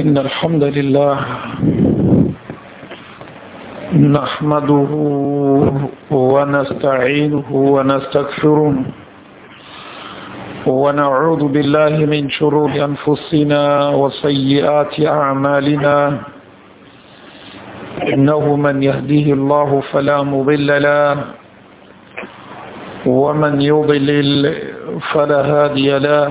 إن الحمد لله نحمده ونستعينه ونستغفره ونعوذ بالله من شرور أنفسنا وسيئات أعمالنا إنه من يهديه الله فلا مضل له ومن يضلل فلا هادي له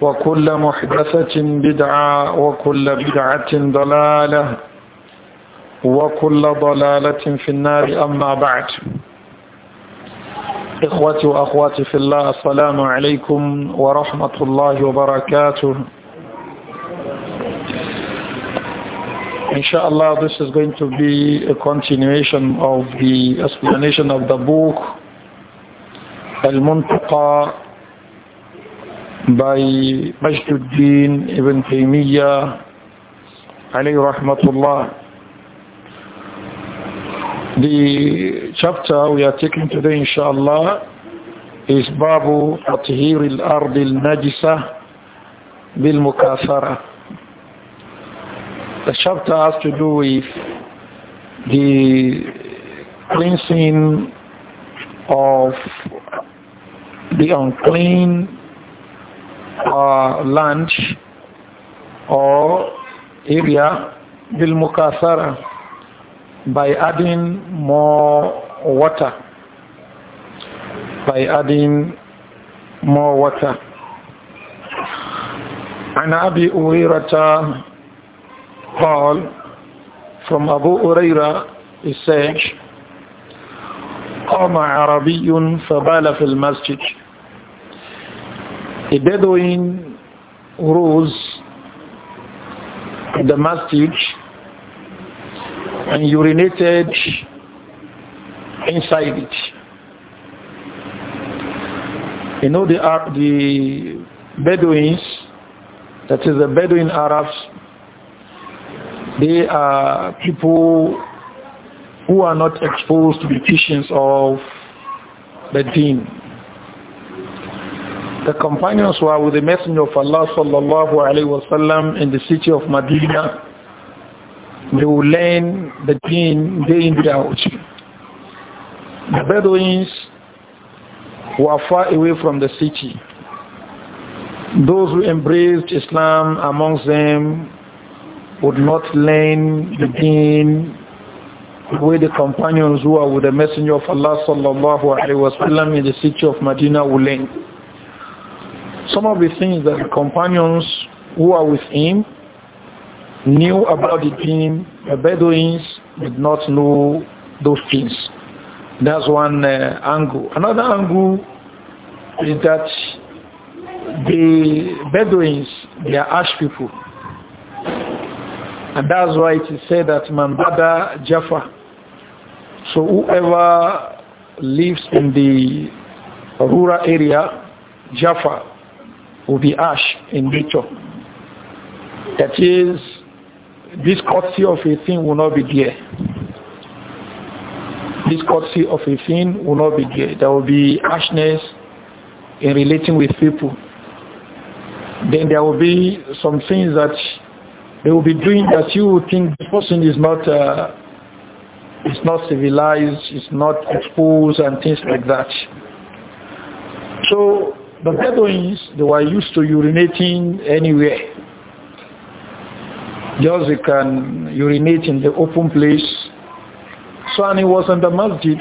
وكل محدثة بدعة وكل بدعة ضلالة وكل ضلالة في النار أما بعد إخوتي وأخواتي في الله السلام عليكم ورحمة الله وبركاته Insha'Allah, this is going to be a continuation of the explanation of the book Al-Muntaqa by Majduddin ibn Taymiyyah alayhi rahmatullah. The chapter we are taking today inshallah is Babu Tathir al-Ard al-Najisa bil-Mukathara. The chapter has to do with the cleansing of the unclean uh, or area bil mukasara by adding more water by adding more water عن أبي هريرة قال from Abu Huraira he said قام عربي فبال في المسجد a Bedouin rose the masjid and urinated inside it. You know the, the Bedouins, that is the Bedouin Arabs, they are people who are not exposed to the teachings of the deen. The companions were with the Messenger of Allah sallallahu alaihi wasallam in the city of Medina. They would learn the deen day in day out. The Bedouins were far away from the city. Those who embraced Islam amongst them would not learn the deen with the companions who are with the Messenger of Allah sallallahu alaihi wasallam in the city of Medina will learn some of the things that the companions who are with him knew about the dream, the Bedouins did not know those things. That's one uh, angle. Another angle is that the Bedouins, they are ash people. And that's why it is said that Mambada Jaffa. So whoever lives in the rural area, Jaffa, will be ash in nature. That is, this courtesy of a thing will not be there. This courtesy of a thing will not be there. There will be ashness in relating with people. Then there will be some things that they will be doing that you will think this person is not uh, is not civilized, is not exposed and things like that. So the Bedouins, they were used to urinating anywhere. Just they can urinate in the open place. So when he was in the masjid.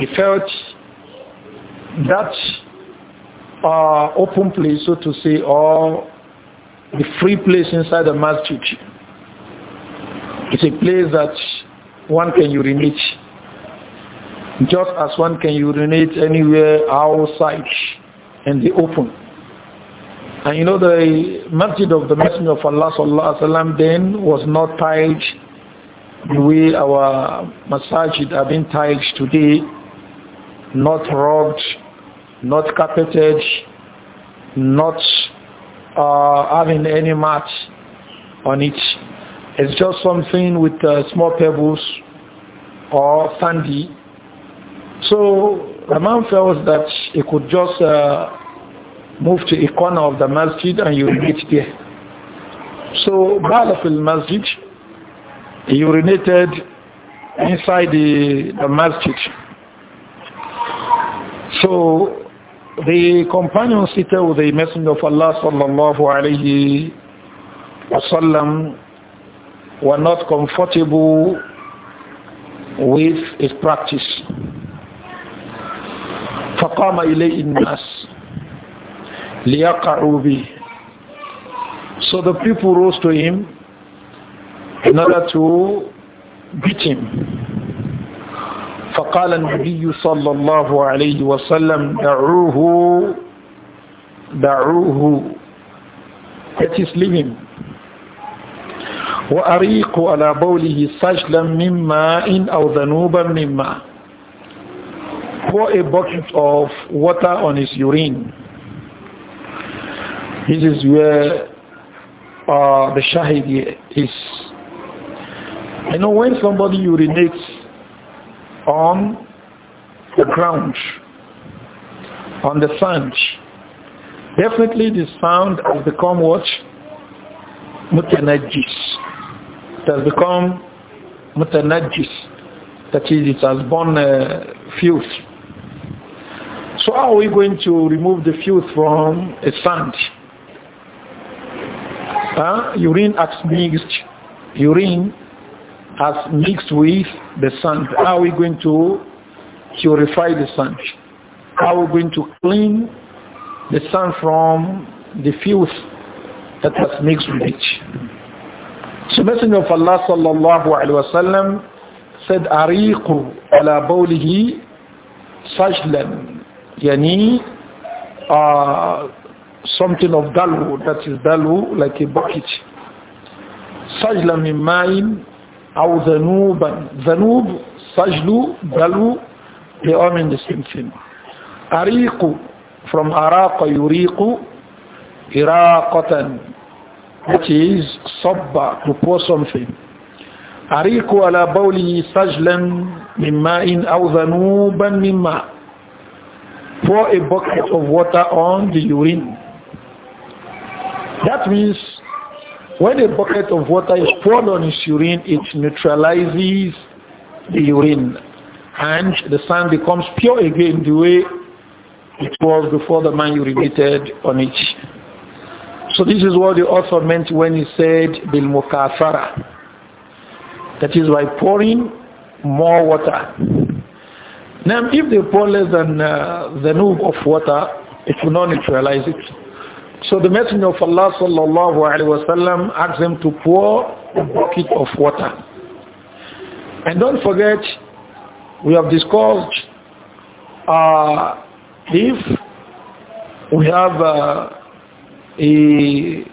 He felt that uh, open place, so to say, or the free place inside the masjid. It's a place that one can urinate. Just as one can urinate anywhere outside in the open. And you know the masjid of the Messenger of Allah sallallahu alaihi wasallam then was not tiled the way our masajid have been tiled today, not rubbed, not carpeted, not uh, having any mat on it. It's just something with uh, small pebbles or sandy so the man felt that he could just uh, move to a corner of the masjid and urinate there. So the Masjid he urinated inside the, the masjid. So the companion seated with the Messenger of Allah sallallahu alayhi wasallam were not comfortable with his practice. فقام إليه الناس ليقعوا به So the people rose to him in order to beat him. فقال النبي صلى الله عليه وسلم دعوه دعوه let us leave him وأريق على بوله سجلا مما إن أو ذنوبا مما pour a bucket of water on his urine. This is where uh, the shahid is. You know, when somebody urinates on the ground, on the sand, definitely the sound has become what? Mutanajis. It has become mutanajis. That is, it has born uh, filth. So how are we going to remove the filth from a sand? Huh? Urine as mixed, urine has mixed with the sand. How are we going to purify the sand? How are we going to clean the sand from the filth that has mixed with it? So Messenger of Allah sallallahu alaihi wasallam said, "Ariqu ala bawlihi sajlan yani uh, something of dalu, that is dalu, like a bucket. Sajla min ma'in, aw dhanuban. Dhanub, sajlu, dalu, they all the same thing. Ariqu, from araqa yuriqu, iraqatan, which is sabba, to pour something. أريق ala بوله sajlan من ماء أو ذنوبا من ماء pour a bucket of water on the urine. That means when a bucket of water is poured on his urine, it neutralizes the urine and the sand becomes pure again the way it was before the man urinated on it. So this is what the author meant when he said bil mukassara. That is by pouring more water now, if they pour less than uh, the noob of water, it will not neutralize it. So the Messenger of Allah sallallahu alaihi wasallam asked them to pour a bucket of water. And don't forget, we have discussed uh, if we have uh, a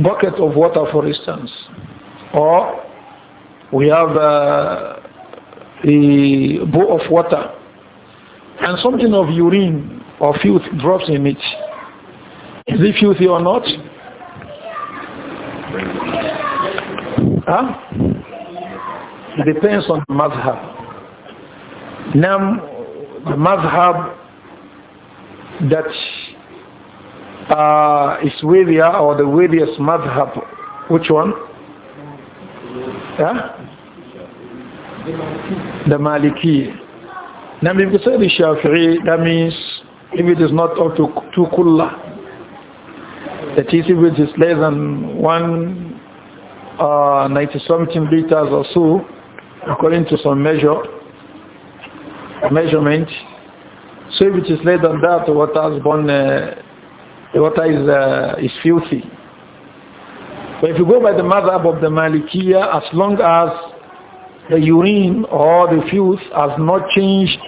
bucket of water, for instance, or we have uh, a bowl of water and something of urine or filth drops in it. Is it filthy or not? Huh? It depends on the madhab. Now, the madhab that uh, is or the weirdest madhab, which one? Yeah. The Maliki. Now if you say the Shafi'i, that means if it is not up to two kullah, that is if it is less than one uh, 90 something liters or so, according to some measure, measurement, so if it is less than that, the water is born, uh, the water is, uh, is filthy. But if you go by the madhab of the Malikiya, as long as the urine or the fumes has not changed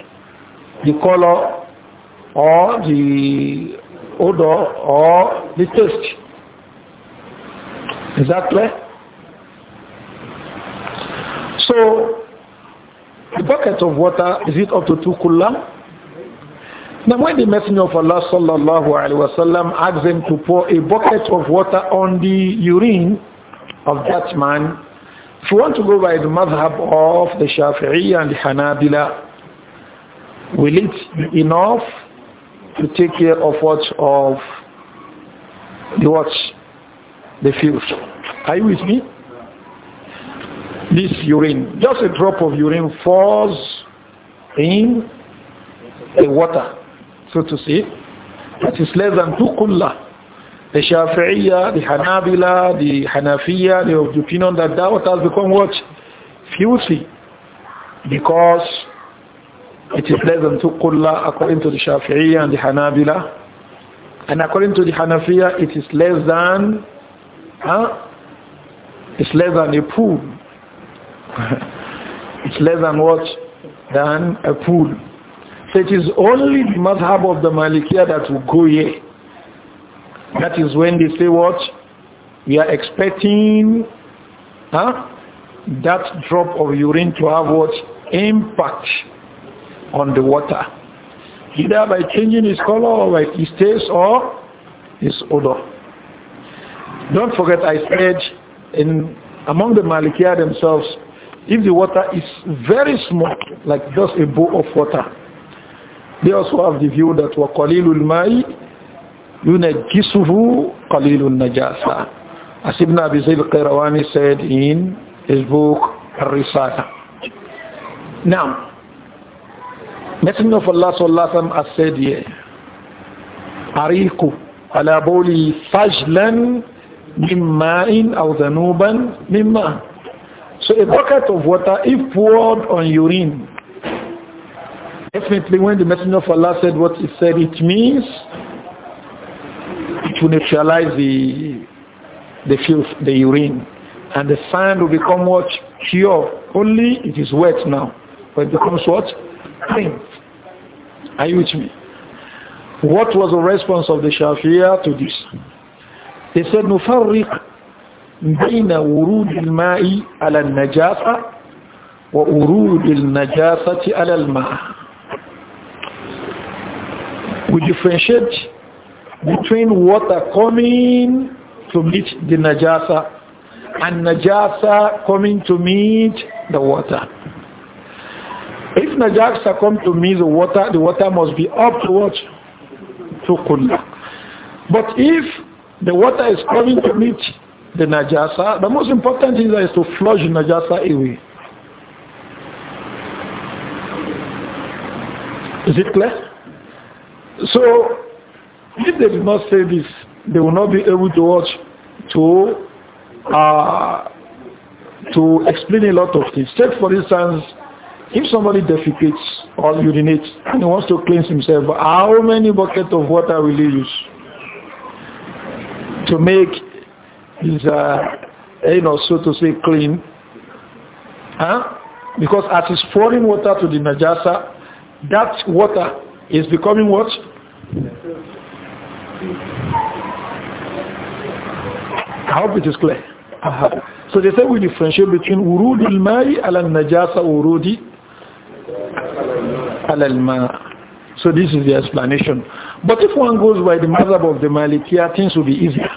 the color or the odor or the taste. Is that clear? So, the bucket of water, is it up to two kullah? Now when the Messenger of Allah sallallahu alaihi wasallam asked them to pour a bucket of water on the urine of that man, if you want to go by the madhab of the Shafi'i and the Hanabila, will it be enough to take care of what of the what the future? Are you with me? This urine, just a drop of urine falls in the water, so to say, that is less than two kullah the Shafi'iyah, the Hanabila, the Hanafiya, they have the opinion that doubt has become what? Filthy. Because it is less than two according to the Shafi'iyah and the Hanabila. And according to the Hanafiya, it is less than, huh? It's less than a pool. it's less than what? Than a pool. So it is only the madhab of the Malikiya that will go here. That is when they say what? We are expecting huh, that drop of urine to have what? Impact on the water. Either by changing its color or by its taste or its odor. Don't forget I said in among the Malikiya themselves, if the water is very small, like just a bowl of water, they also have the view that وَقَلِيلُ ينجسه قليل النجاسة As Ibn Abi Zayd al-Qayrawani said in his book Al-Risala. Now, Messenger of Allah sallallahu alaihi wasallam has said here, أريق على بولي فجلا من ماء أو ذنوبا من ماء. So a bucket of water, if poured on urine, definitely when the Messenger of Allah said what he said, it means to neutralize the the filth, the urine, and the sand will become what pure. Only it is wet now, but it becomes what clean. Are you with me? What was the response of the Shafi'ah to this? They said, نفرق بين ورود الماء على النجاسة وورود النجاسة على الماء. We differentiate between water coming to meet the najasa and najasa coming to meet the water. If najasa come to meet the water, the water must be towards to kulla. But if the water is coming to meet the najasa, the most important thing is to flush the najasa away. Is it clear? So if they did not say this, they will not be able to watch to uh, to explain a lot of things. Take for instance, if somebody defecates or urinates and he wants to cleanse himself, how many buckets of water will he use to make his uh, you know, so to say, clean? Huh? Because as he's pouring water to the najasa, that water is becoming what? I hope it is clear. Uh -huh. So they say we differentiate between urud al-ma'i al-najasa wurudi al-ma. So this is the explanation. But if one goes by the mazhab of the Malikiya, things will be easier.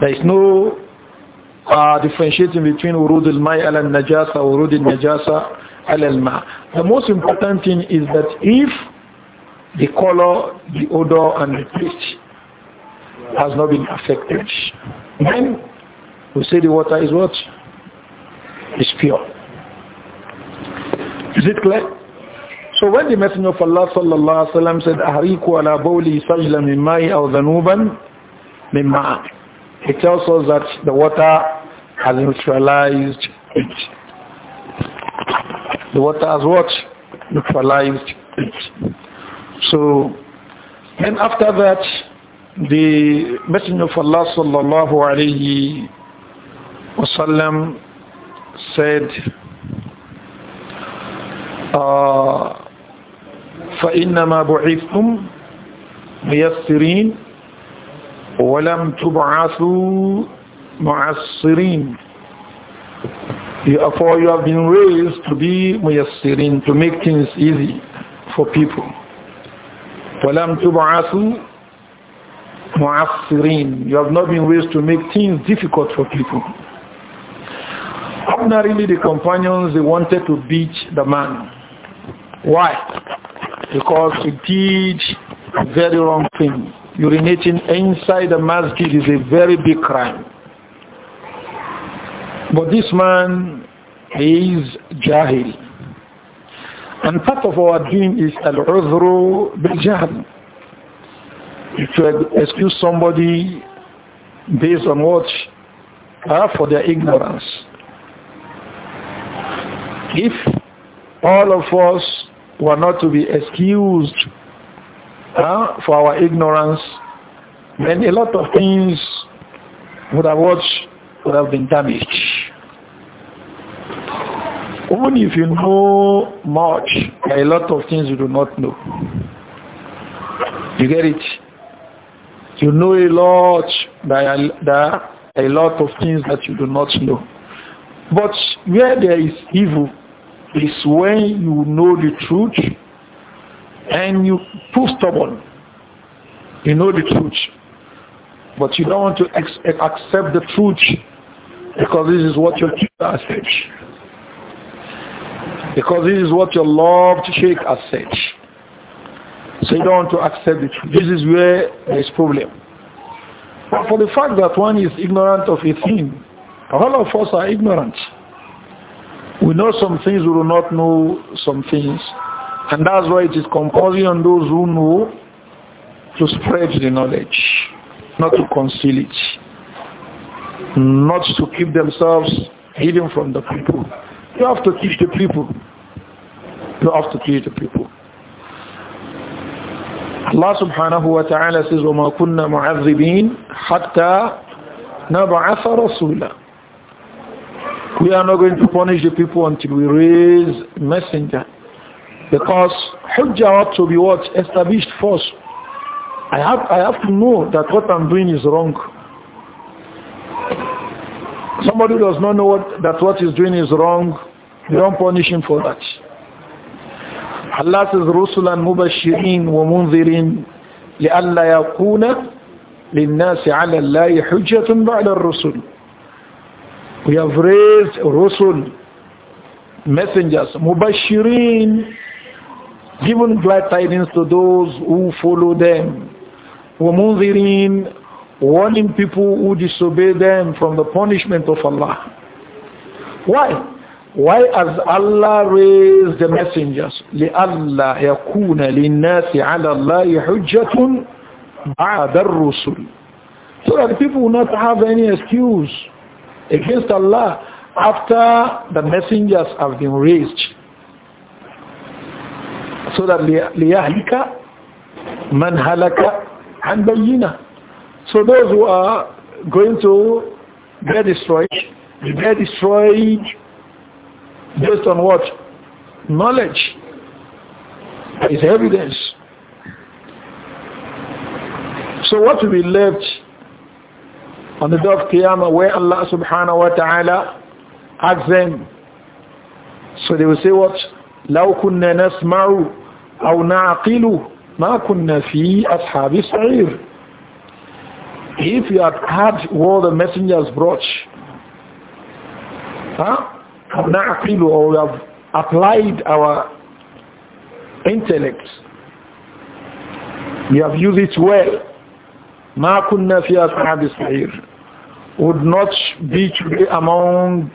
There is no uh, differentiating between urud al-ma'i al-najasa urudi al-najasa al-ma. The most important thing is that if the color, the odor, and the taste has not been affected. Then we say the water is what? It's pure. Is it clear? So when the Messenger of Allah sallallahu alaihi wasallam said, it tells us that the water has neutralized it. The water has what? Neutralized it. So then after that, the Messenger of Allah sallallahu alayhi wasallam said, فإنما بعثتم ميسرين ولم تبعثوا معسرين Therefore you have been raised to be muyassirin, to make things easy for people. وَلَمْ تُبْعَثُوا مُعَصِّرِينَ You have not been raised to make things difficult for people. Ordinarily, the companions, they wanted to beat the man. Why? Because he did a very wrong thing. Urinating inside the masjid is a very big crime. But this man, he is jahil. And part of our deen is al-udhru bil-jahl. to excuse somebody based on what? Uh, for their ignorance. If all of us were not to be excused uh, for our ignorance, then a lot of things would have, watched, would have been damaged. Even if you know much, a lot of things you do not know. You get it? You know a lot, there are a lot of things that you do not know. But where there is evil is when you know the truth and you prove stubborn. You know the truth, but you don't want to accept the truth because this is what your teacher said. Because this is what your loved Sheikh has said. So you don't want to accept it. This is where there is problem. But for the fact that one is ignorant of a thing, all of us are ignorant. We know some things, we do not know some things. And that's why it is compulsory on those who know to spread the knowledge, not to conceal it, not to keep themselves hidden from the people. You have to teach the people of the people. Allah subhanahu wa ta'ala says, وَمَا كُنَّا مُعَذِّبِينَ حَتَّى نَبْعَثَ رَسُولًا We are not going to punish the people until we raise messenger. Because Hujjah ought to be what? Established first. I have, I have to know that what I'm doing is wrong. Somebody does not know what, that what he's doing is wrong, we don't punish him for that. Allah says رُسُلًا مُبَشِّرِينَ وَمُنذِرِينَ لئلا يَكُونَ لِلنَّاسِ عَلَى اللَّهِ حُجَّةٌ بَعْدَ الرُّسُلِ We have raised Rusul, messengers, مبشرين given glad tidings to those who follow them. ومنذرين warning people who disobey them from the punishment of Allah. Why? Why has Allah raised the messengers? لِأَلَّا يَكُونَ لِلنَّاسِ عَلَى اللَّهِ حُجَّةٌ بَعْدَ الرُّسُلِ So that people will not have any excuse against Allah after the messengers have been raised. So that لِيَهْلِكَ مَنْ هَلَكَ عَنْ بَيِّنَةٍ So those who are going to be destroyed, they destroyed Based on what? Knowledge is evidence. So what will be left on the day of Qiyamah where Allah subhanahu wa ta'ala asks them? So they will say what? لو كنا نسمع أو نعقل ما كنا في أصحاب السعير If you had heard what the messengers brought, huh? نعقل or we have applied our intellect we have used it well ما كنا في أصحاب sahir would not be today among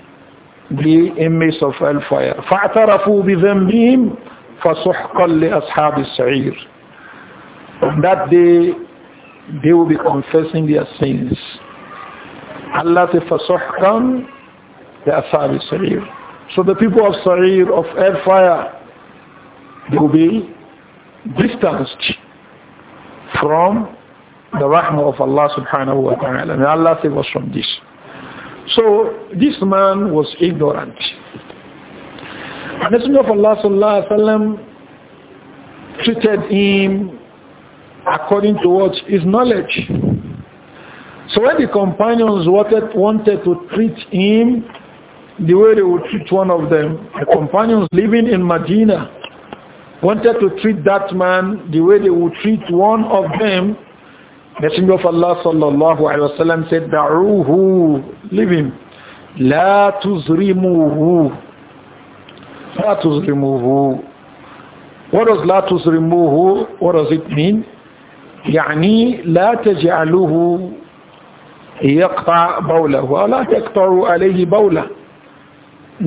the inmates of hellfire فاعترفوا بذنبهم فسحقا لأصحاب sahir. on that day they will be confessing their sins Allah says فسحقا the Ashabi Sa'ir. So the people of Sa'ir, of Airfire, they will be distanced from the rahmah of Allah subhanahu wa ta'ala. and Allah saved us from this. So this man was ignorant. and The Messenger of Allah sallallahu wa Taala treated him according to what his knowledge. So when the companions wanted, wanted to treat him the way they would treat one of them. The companions living in Medina wanted to treat that man the way they would treat one of them. Messenger of Allah sallallahu alayhi wa sallam said, Da'uhu, leave him. La tuzrimuhu. La tuzrimuhu. What does la tuzrimuhu, what does it mean? يعني لا تجعلوه يقطع بوله ولا تقطعوا عليه بوله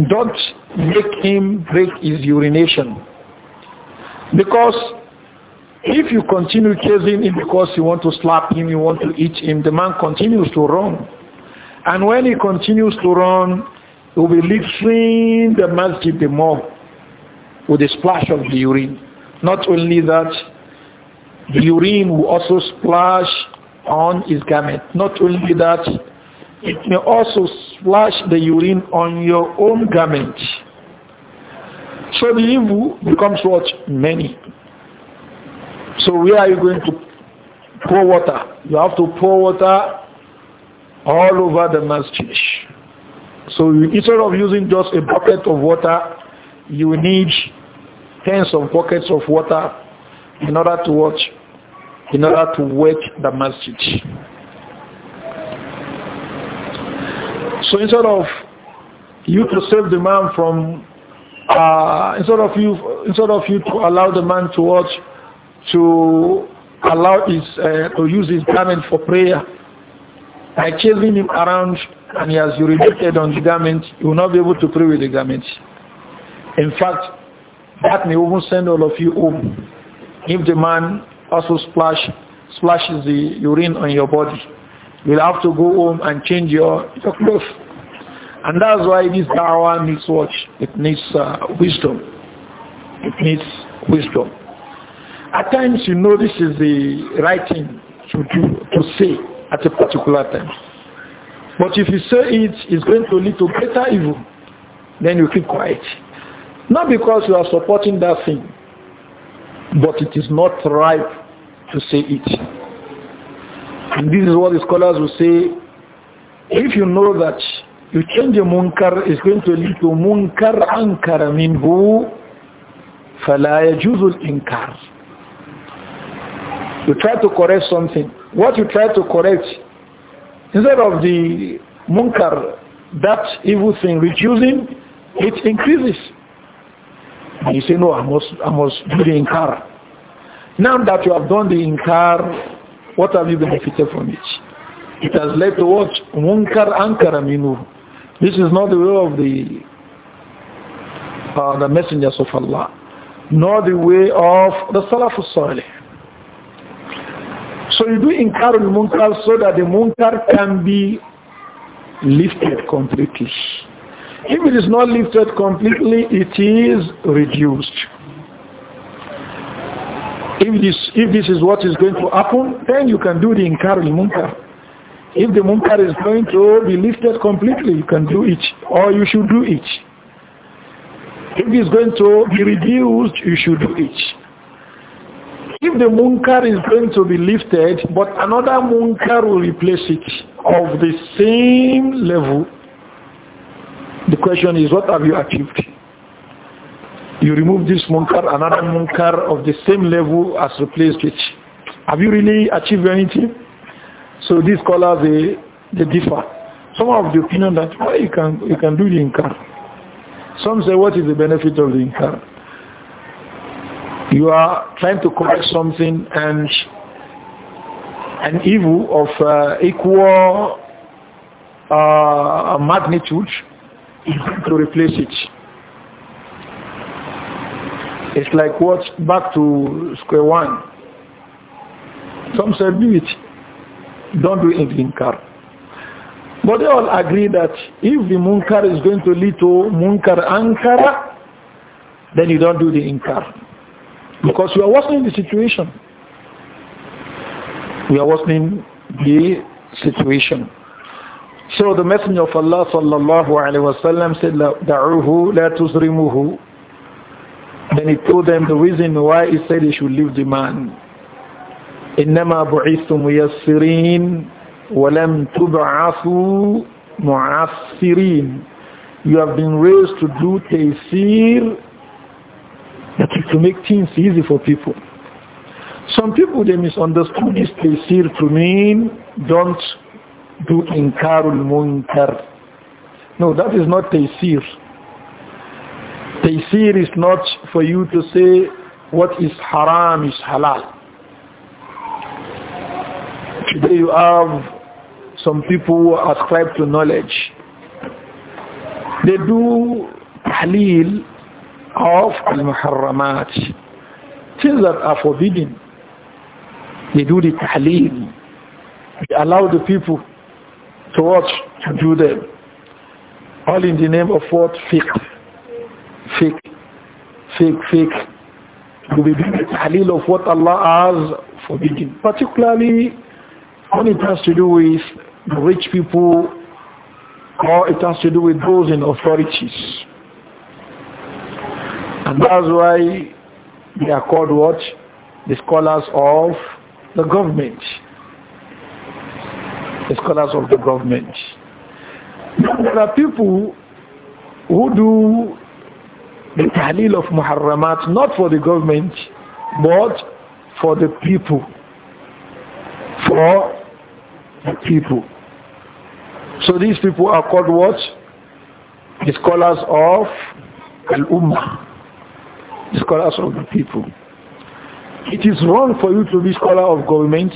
don't make him break his urination. Because if you continue chasing him because you want to slap him, you want to eat him, the man continues to run. And when he continues to run, he will be littering the masjid the more with a splash of the urine. Not only that, the urine will also splash on his garment. Not only that, it may also splash the urine on your own garment. So the evil becomes what? Many. So where are you going to pour water? You have to pour water all over the masjid. So instead of using just a bucket of water, you need tens of buckets of water in order to watch, in order to wet the masjid. So instead of you to save the man from, uh, instead of you, instead of you to allow the man to watch, to allow his, uh, to use his garment for prayer, by chasing him around and he has urinated on the garment, you will not be able to pray with the garment. In fact, that may even send all of you home if the man also splash, splashes the urine on your body. You'll have to go home and change your, your clothes. And that's why this da'wah needs watch. It needs uh, wisdom. It needs wisdom. At times you know this is the right thing to do, to say at a particular time. But if you say it, it's going to lead to greater evil. Then you keep quiet. Not because you are supporting that thing, but it is not right to say it. And this is what the scholars will say. If you know that you change a munkar, it's going to lead to munkar ankara minhu, fala yajuzul inkar. You try to correct something. What you try to correct, instead of the munkar, that evil thing reducing, it increases. And you say, no, I must, I must do the inkar. Now that you have done the inkar, what have you benefited from it? It has led to what? Munkar ankara minu. This is not the way of the uh, the messengers of Allah, nor the way of the Salafus Salih. So you do inkar al munkar so that the munkar can be lifted completely. If it is not lifted completely, it is reduced. If this, if this is what is going to happen, then you can do the inkar munkar. If the munkar is going to be lifted completely, you can do it, or you should do it. If it is going to be reduced, you should do it. If the munkar is going to be lifted, but another munkar will replace it of the same level, the question is, what have you achieved? you remove this munkar, another munkar of the same level as replaced it. Have you really achieved anything? So these scholars, they, they differ. Some are of the opinion that well, you, can, you can do the inkar. Some say, what is the benefit of the inkar? You are trying to correct something and an evil of uh, equal uh, magnitude to replace it. It's like what? Back to square one. Some said, do it. Don't do it in car. But they all agree that if the munkar is going to lead to munkar ankara, then you don't do the inkar. Because you are worsening the situation. We are worsening the situation. So the Messenger of Allah sallallahu alayhi wa sallam said, دَعُوهُ لَا تُزْرِمُهُ then he told them the reason why he said he should leave the man. إنما بعثت ميسرين ولم تبعثوا معسرين You have been raised to do taysir that is to make things easy for people. Some people they misunderstood this taysir to mean don't do inkarul munkar. No, that is not taysir. Taysir is not for you to say what is haram is halal. Today you have some people who ascribe to knowledge. They do halil of al-muharramat, things that are forbidden. They do the tahleel. They allow the people to watch, to do them. All in the name of what? Fiqh. Fiqh fake, fake. You will be doing halil of what Allah has forbidden. Particularly when it has to do with rich people or it has to do with those in authorities. And that's why they are called what? The scholars of the government. The scholars of the government. There are people who do the tahleel of muharramat, not for the government, but for the people. For the people. So these people are called what? The scholars of Al-Ummah. The scholars of the people. It is wrong for you to be scholar of government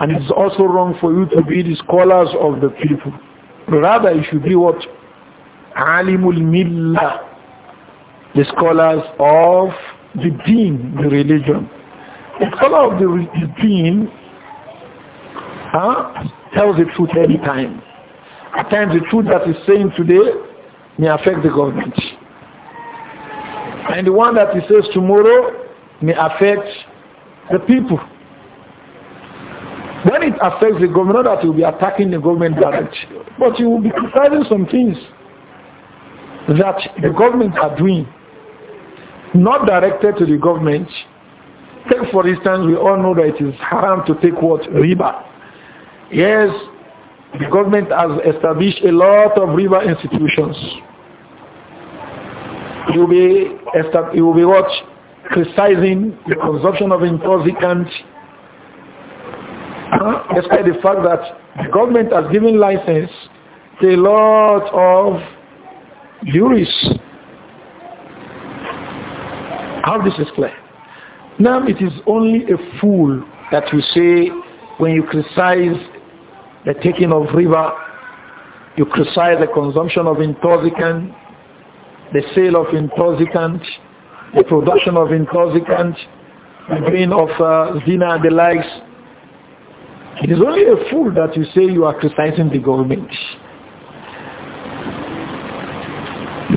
and it is also wrong for you to be the scholars of the people. Rather, you should be what? Alimul Millah the scholars of the deen, the religion. The scholar of the, the deen huh, tells the truth every time. At times the truth that is saying today may affect the government. And the one that he says tomorrow may affect the people. When it affects the government, that will be attacking the government directly, But you will be criticizing some things that the government are doing not directed to the government. Take for instance, we all know that it is haram to take what? Riba. Yes, the government has established a lot of river institutions. You will be, it will be what? Criticizing the consumption of intoxicants. Despite the fact that the government has given license to a lot of jurists how this is clear? Now it is only a fool that will say when you criticize the taking of river, you criticize the consumption of intoxicant, the sale of intoxicant, the production of intoxicant, the doing of uh, and the likes. It is only a fool that you say you are criticizing the government.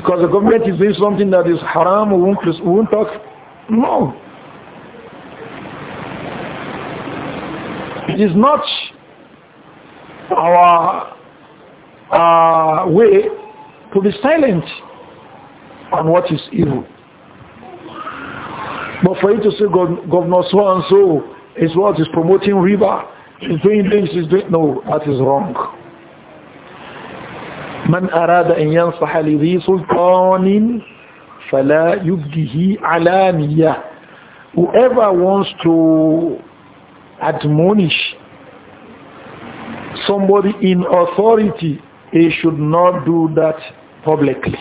because the government is doing something that is haram, we won't, we won't talk. No. It is not our uh, way to be silent on what is evil. But for you to say Governor so and so is what is promoting river, is doing things, is doing no, that is wrong. من أراد أن ينصح لذي سلطان فلا يبديه علانية whoever wants to admonish somebody in authority he should not do that publicly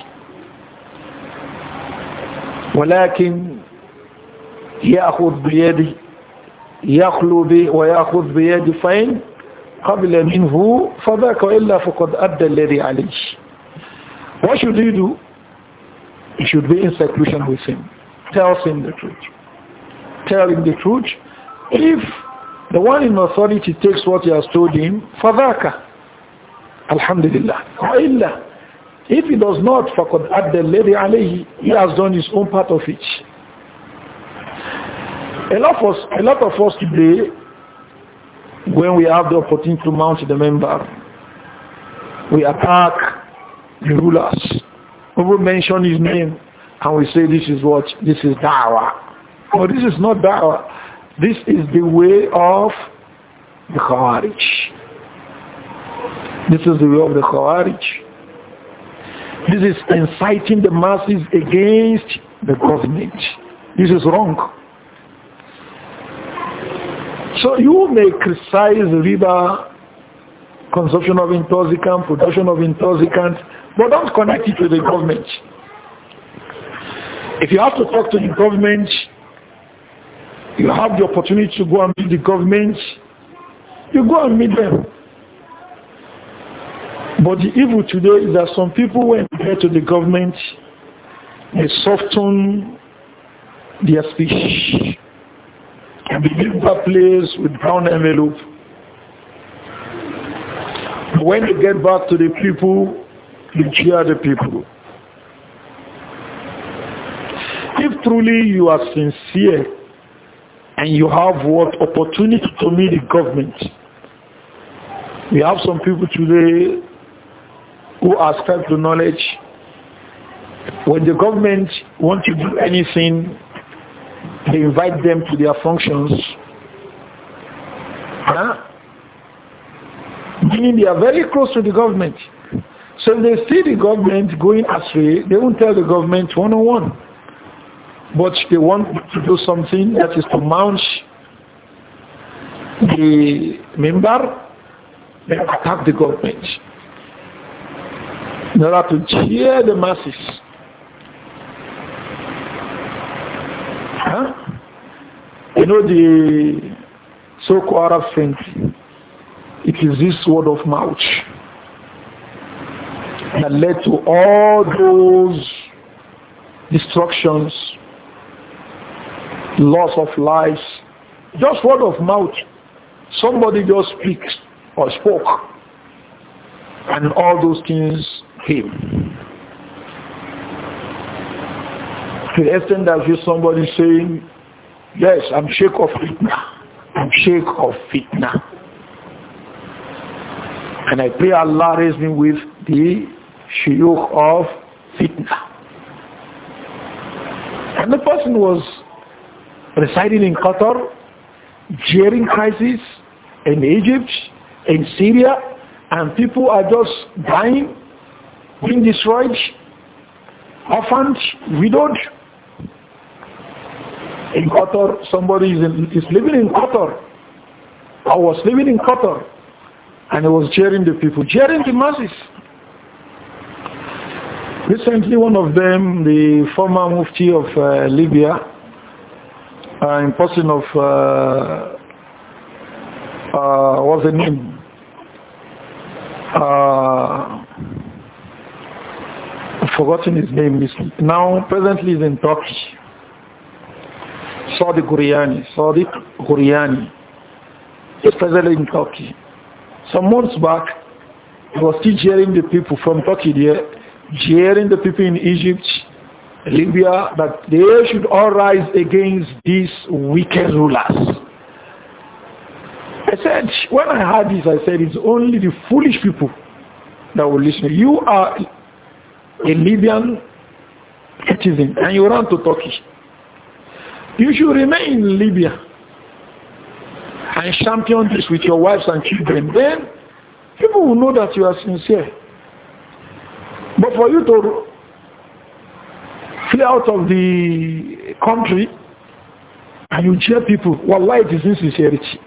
ولكن يأخذ بيدي يخلو به ويأخذ بيدي فين قبل منه فذاك فقد أدى الذي عليه What should you do? You should be in seclusion with him. Tell him the truth. Tell him the truth. If the one in authority takes what he has told him, فذاك Alhamdulillah. وإلا If he does not, فقد أدى الذي عليه He has done his own part of it. A lot of us, a lot of us today when we have the opportunity to mount the member, we attack the rulers. We will mention his name and we say this is what, this is Dawa. But oh, this is not Dawa. This is the way of the Khawarij. This is the way of the Khawarij. This is inciting the masses against the government. This is wrong. So you may criticize riba, consumption of intoxicants, production of intoxicants, but don't connect it to the government. If you have to talk to the government, you have the opportunity to go and meet the government, you go and meet them. But the evil today is that some people when they to the government, they soften their speech can be given a place with brown envelope. When you get back to the people, you cheer the people. If truly you are sincere and you have what opportunity to meet the government, we have some people today who ascribe to knowledge. When the government wants to do anything, they invite them to their functions. Huh? Meaning they are very close to the government. So if they see the government going astray, they won't tell the government one-on-one. But they want to do something that is to mount the member and attack the government in order to cheer the masses. Huh? You know the so-called Arab saint. It is this word of mouth that led to all those destructions, loss of lives. Just word of mouth. Somebody just speaks or spoke, and all those things came. To the extent that you somebody saying, yes, I'm shake of fitna. I'm shake of fitna. And I pray Allah raise me with the shuyukh of fitna. And the person was residing in Qatar, during crisis, in Egypt, in Syria, and people are just dying, being destroyed, orphaned, widowed in Qatar, somebody is, in, is living in Qatar. I was living in Qatar and I was cheering the people, cheering the masses. Recently, one of them, the former Mufti of uh, Libya, uh, in person of, uh, uh, what's the name? Uh, I've forgotten his name. He's now presently is in Turkey. Sadiq Guriani. Sadiq Guriani. especially in Turkey. Some months back, he was still jeering the people from Turkey there, jeering the people in Egypt, Libya, that they should all rise against these wicked rulers. I said, when I heard this, I said, it's only the foolish people that will listen. You are a Libyan citizen and you run to Turkey. You should remain in Libya and champion this with your wives and children. Then people will know that you are sincere. But for you to flee out of the country and you cheer people, wallahi it is insincerity.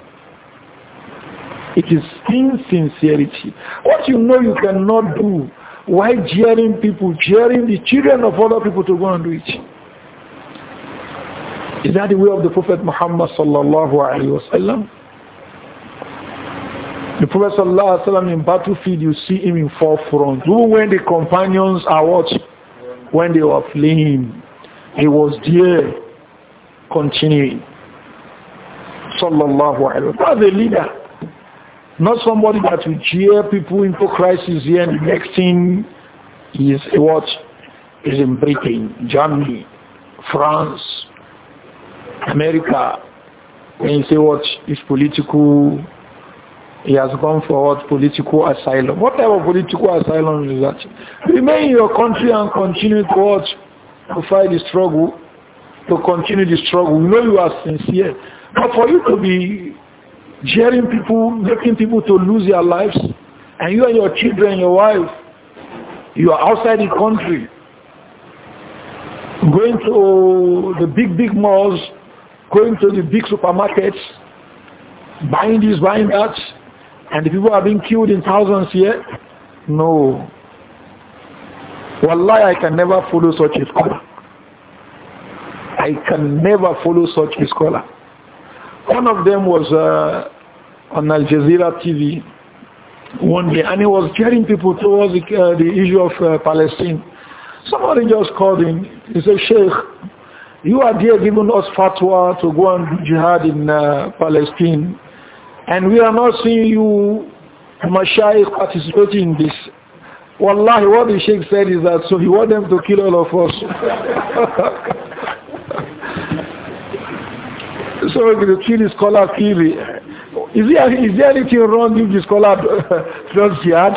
It is insincerity. What you know you cannot do, why jeering people, jeering the children of other people to go and do it? Is that the way of the Prophet Muhammad sallallahu alaihi wasallam? The Prophet sallallahu alaihi wasallam in battlefield, you see him in forefront. Even when the companions are what? When they were fleeing, he was there, continuing. Sallallahu alaihi wasallam. That's a leader. Not somebody that will cheer people into crisis here and the next thing is what? Is in Britain, Germany, France, America when you say what is political he has gone for what political asylum. What type of political asylum is that? Remain in your country and continue to what? To fight the struggle, to continue the struggle. We know you are sincere. But for you to be jeering people, making people to lose their lives, and you and your children, your wife, you are outside the country, going to the big, big malls, going to the big supermarkets, buying this, buying that, and the people are being killed in thousands here? No. Wallahi, I can never follow such a scholar. I can never follow such a scholar. One of them was uh, on Al Jazeera TV one day, and he was carrying people towards the, uh, the issue of uh, Palestine. Somebody just called him. He said, Sheikh, You are there giving us fatwa to go and do jihad in uh, Palestine. And we are not seeing you, Mashaykh, participating in this. Wallahi, what the Sheikh said is that, so he want them to kill all of us. so the kill is scholar kill. Is there, is there anything wrong with the scholar does jihad?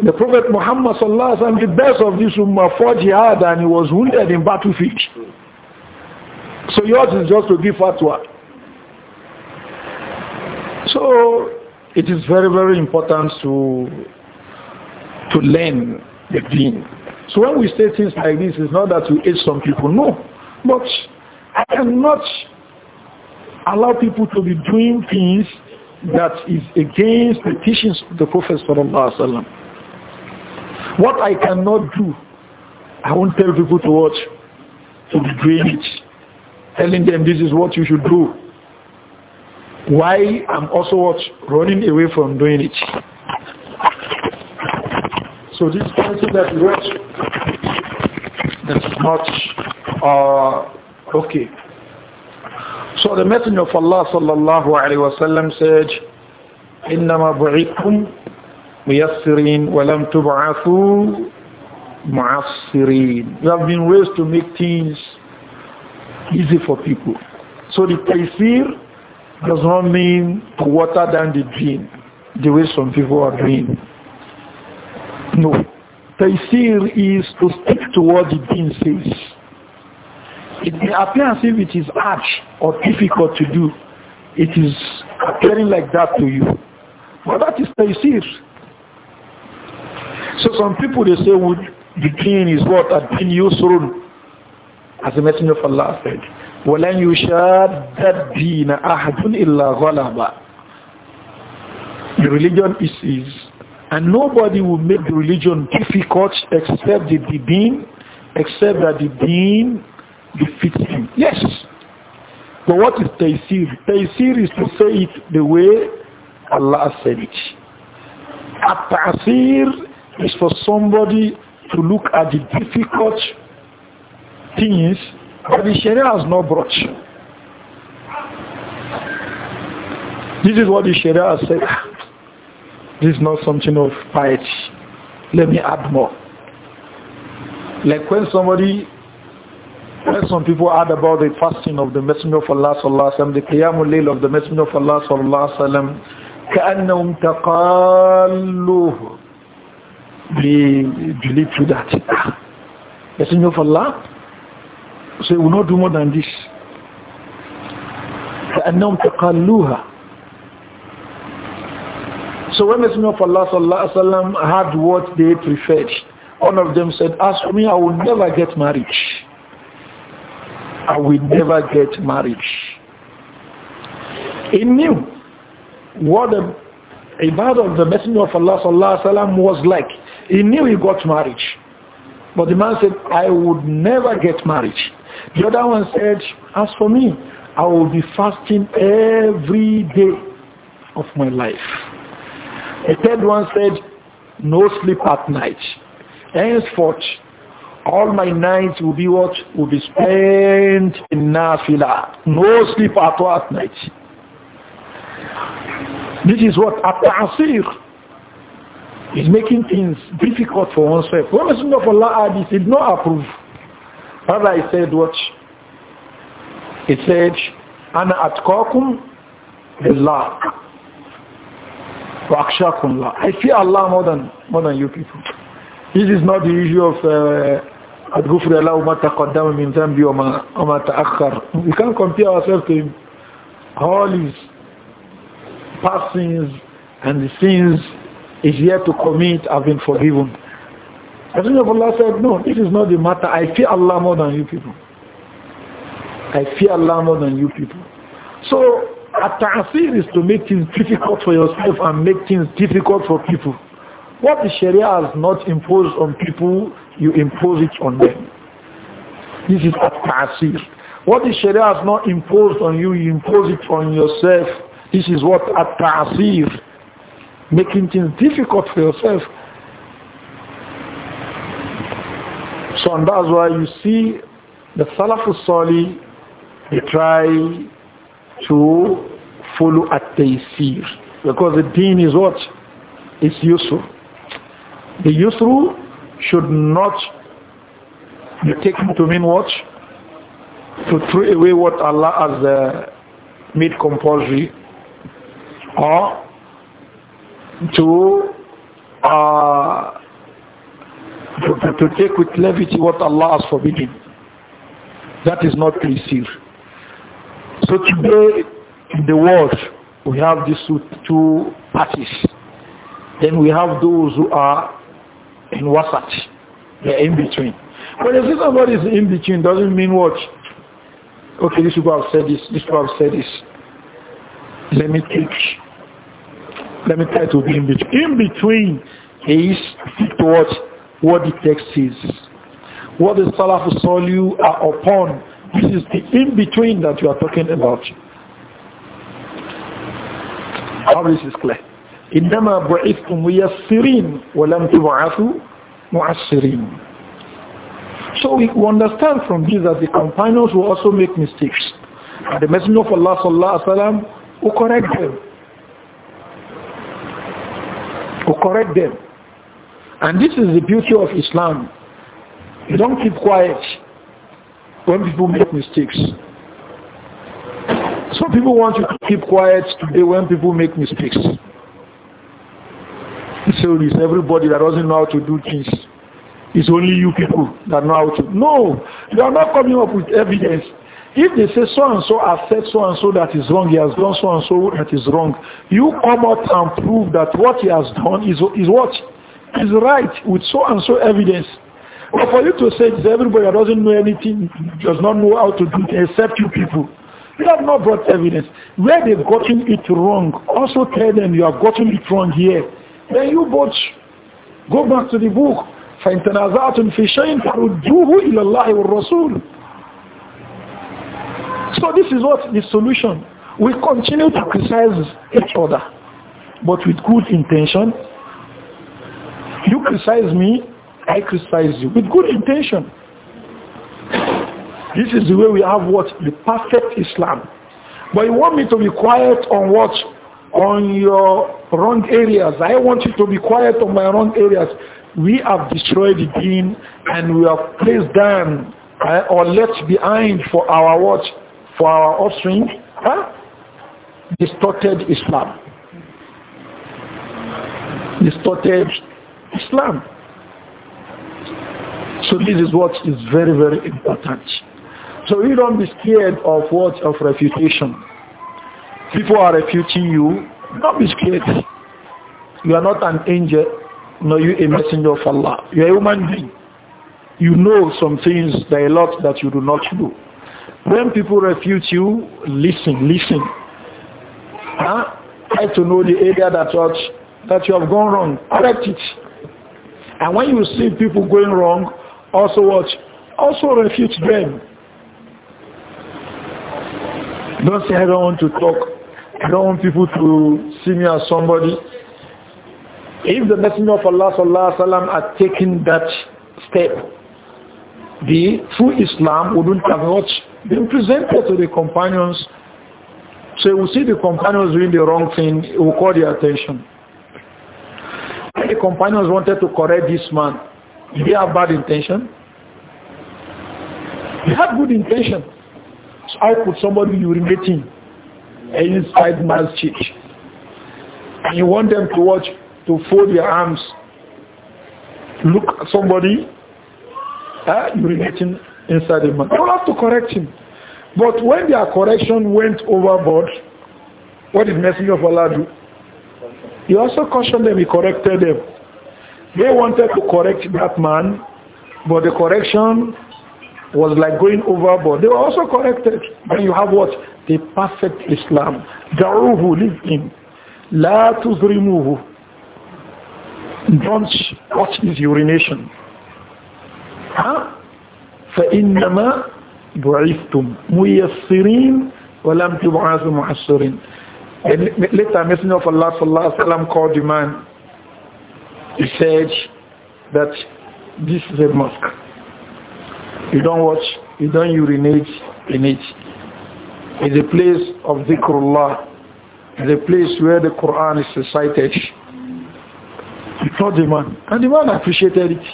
The Prophet Muhammad sallallahu alaihi wasallam, the best of this ummah, fought jihad and he was wounded in battlefield. So yours is just to give fatwa. So it is very, very important to to learn the deen. So when we say things like this, it's not that we hate some people, no. But I cannot allow people to be doing things that is against the teachings of the Prophet sallallahu alaihi wasallam. What I cannot do, I won't tell people to watch, to be it. telling them this is what you should do. Why I'm also what, running away from doing it. So this is that we watch that's not uh, okay. So the Messenger of Allah sallallahu alayhi wa sallam said, إنما بعثتم ميسرين walam تبعثوا معصرين. There have been ways to make things easy for people. So the taysir does not mean to water down the dream the way some people are doing. No. Taysir is to stick to what the dream says. It may appear as if it is hard or difficult to do. It is appearing like that to you. But that is taysir. So some people they say well, the deen is what had been used, as the messenger of Allah said وَلَنْ يُشَادَّ الدِّينَ أَحَدٌ إِلَّا غَلَبَ The religion is easy and nobody will make the religion difficult except the, the deen except that the deen defeats him. Yes. But what is taysir? Taysir is to say it the way Allah said it. At-ta'asir is for somebody to look at the difficult things that the Sharia has not brought. This is what the Sharia has said. This is not something of piety. Let me add more. Like when somebody, when some people add about the fasting of the Messenger of Allah sallallahu alaihi wasallam, the Qiyamul Layl of the Messenger of Allah sallallahu alaihi wasallam, كأنهم تقالوه be believed to that. Messenger of Allah say, we will not do more than this. فأنهم تقلوها so when Messenger of Allah had what they preferred, one of them said, "Ask me, I will never get married. I will never get married." He knew what the ibadah of the Messenger of Allah was like. He knew he got married. But the man said, I would never get married. The other one said, as for me, I will be fasting every day of my life. A third one said, no sleep at night. Henceforth, all my nights will be what? Will be spent in nafila. No sleep at all at night. This is what? At-ta'asir is making things difficult for oneself. When the Messenger of Allah this, he not approve. Rather he said what? He said, Ana atkakum billah. Wa akshakum la. I fear Allah more than, more than you people. This is not the issue of uh, Adghufri Allah ma taqaddama min zambi wa ta'akhar. We can't compare ourselves to him. All his passings and the sins is yet to commit i have been forgiven. Messenger of Allah said, no, this is not the matter. I fear Allah more than you people. I fear Allah more than you people. So, at-ta'asir is to make things difficult for yourself and make things difficult for people. What the Sharia has not imposed on people, you impose it on them. This is at-ta'asir. What the Sharia has not imposed on you, you impose it on yourself. This is what at-ta'asir making things difficult for yourself. So and that's why you see the Salafus Sali, they try to follow at taysir because the deen is what? It's useful. The useful should not be taken to mean what? To throw away what Allah has uh, made compulsory or to, uh, to, to take with levity what Allah has forbidden. That is not sincere. So today in the world we have these two parties. Then we have those who are in wasat. They're in between. When you say somebody is in between, doesn't mean what? Okay, this people have said this, this people have said this. Let me take let me try to be in between. In between is towards what the text is. What the Salaf you are upon. This is the in-between that you are talking about. How this is clear. إنما بعثتم ميسرين ولم تبعثوا معسرين. So we understand from this that the companions will also make mistakes. And the Messenger of Allah sallallahu alaihi wasallam will correct them. to correct them. And this is the beauty of Islam. You don't keep quiet when people make mistakes. Some people want you to keep quiet today when people make mistakes. So it's everybody that doesn't know how to do things. It's only you people that know how to. No, you are not coming up with evidence. If they say so and so has said so and so that is wrong, he has done so and so that is wrong, you come out and prove that what he has done is, is what? Is right with so and so evidence. But for you to say it's everybody that doesn't know anything, does not know how to do it except you people. You have not brought evidence. Where they've gotten it wrong, also tell them you have gotten it wrong here. Then you both go back to the book. فإن تنازعتم في شيء فردوه إلى الله والرسول so this is what the solution. We continue to criticize each other, but with good intention. You criticize me, I criticize you with good intention. This is the way we have what? The perfect Islam. But you want me to be quiet on what? On your wrong areas. I want you to be quiet on my wrong areas. We have destroyed the deen and we have placed down uh, or left behind for our watch for our offspring huh? distorted Islam. Distorted Islam. So this is what is very, very important. So you don't be scared of words Of refutation. People are refuting you. Don't be scared. You are not an angel, nor you a messenger of Allah. You are a human being. You know some things, there are a lot that you do not know. When people refute you, listen, listen. Huh? Try to know the area that, that you have gone wrong. Correct it. And when you see people going wrong, also watch, also refute them. Don't say, I don't want to talk. I don't want people to see me as somebody. If the Messenger of Allah sallallahu alaihi wasallam had taken that step, the true Islam wouldn't have watched being presented to the companions. So you will see the companions doing the wrong thing, it will call their attention. the companions wanted to correct this man, did they have bad intention? They had good intention. So how could somebody urinating inside man's church? And you want them to watch, to fold their arms, look at somebody uh, urinating inside the man. do will have to correct him. But when their correction went overboard, what did Messenger of Allah do? He also cautioned them, he corrected them. They wanted to correct that man, but the correction was like going overboard. They were also corrected. And you have what? The perfect Islam. Daruhu, live in. La tuzrimuhu. Don't watch his urination. Huh? فإنما بعثتم ميسرين ولم تبعثوا محسرين And later, Messenger of Allah sallallahu alaihi wasallam called the man. He said that this is a mosque. You don't watch, you don't urinate in it. It's a place of zikrullah. It's a place where the Quran is recited. He told the man, and the man appreciated it.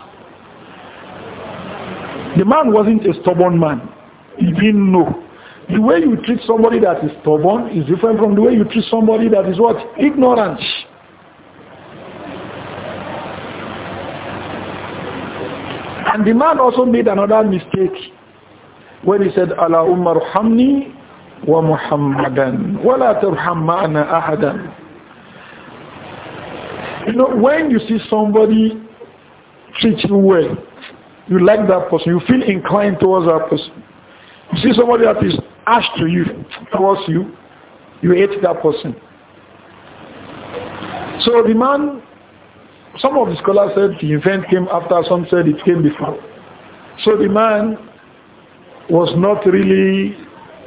The man wasn't a stubborn man. He didn't know. The way you treat somebody that is stubborn is different from the way you treat somebody that is what? Ignorant. And the man also made another mistake when he said, Allah Umar hamni wa muhammadan wa la turham ahadan. You know, when you see somebody treat you well, you like that person. You feel inclined towards that person. You see somebody that is ash to you, towards you, you hate that person. So the man, some of the scholars said the event came after, some said it came before. So the man was not really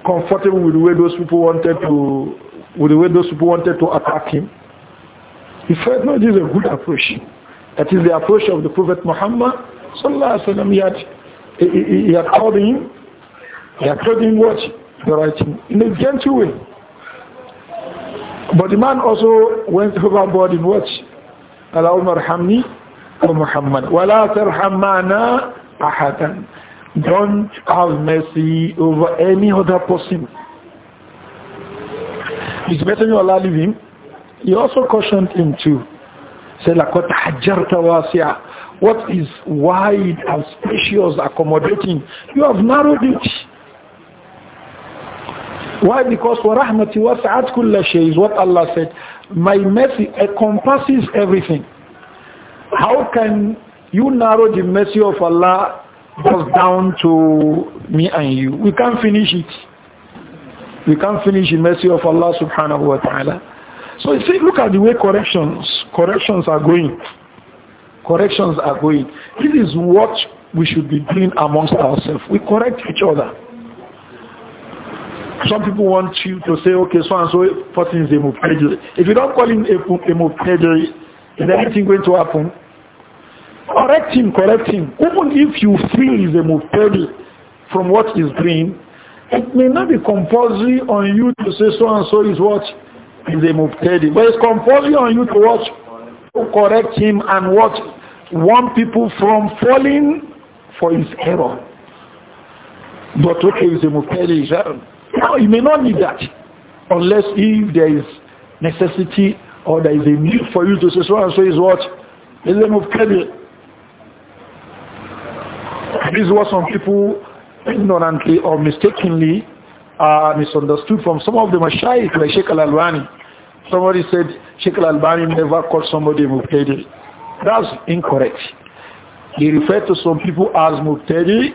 comfortable with the way those people wanted to, with the way those people wanted to attack him. He felt, no, this is a good approach. That is the approach of the Prophet Muhammad Sallallahu Alaihi Wasallam, he had, he, had called him, he had told him what? The right thing. In a gentle way. But the man also went overboard in what? Allahumma rahamni wa Muhammad. Wa la tarhamana ahadan. Don't have mercy over any other person. His messenger Allah leave him. He also cautioned him too. Say, لَقَدْ حَجَّرْتَ وَاسِعَ what is wide and spacious, accommodating, you have narrowed it. Why? Because وَرَحْمَةِ وَسَعَتْ كُلَّ شَيْءٍ is what Allah said. My mercy encompasses everything. How can you narrow the mercy of Allah just down to me and you? We can't finish it. We can't finish the mercy of Allah subhanahu wa ta'ala. So you see, look at the way corrections, corrections are going corrections are going. This is what we should be doing amongst ourselves. We correct each other. Some people want you to say, okay, so and so person is a If you don't call him a, a is anything going to happen? Correct him, correct him. Even if you feel he's a mupedri from what he's doing, it may not be compulsory on you to say so and so is what is a but it's compulsory on you to watch, to correct him and what warn people from falling for his error. But okay, is a No, he may not need that unless if there is necessity or there is a need for you to say so and so is what is a mufti. This is what some people ignorantly or mistakenly uh, misunderstood from some of the Mashaikh, like Sheikh Al-Albani. Somebody said Sheikh Al-Albani never called somebody mufti. That's incorrect. He referred to some people as Muqtadi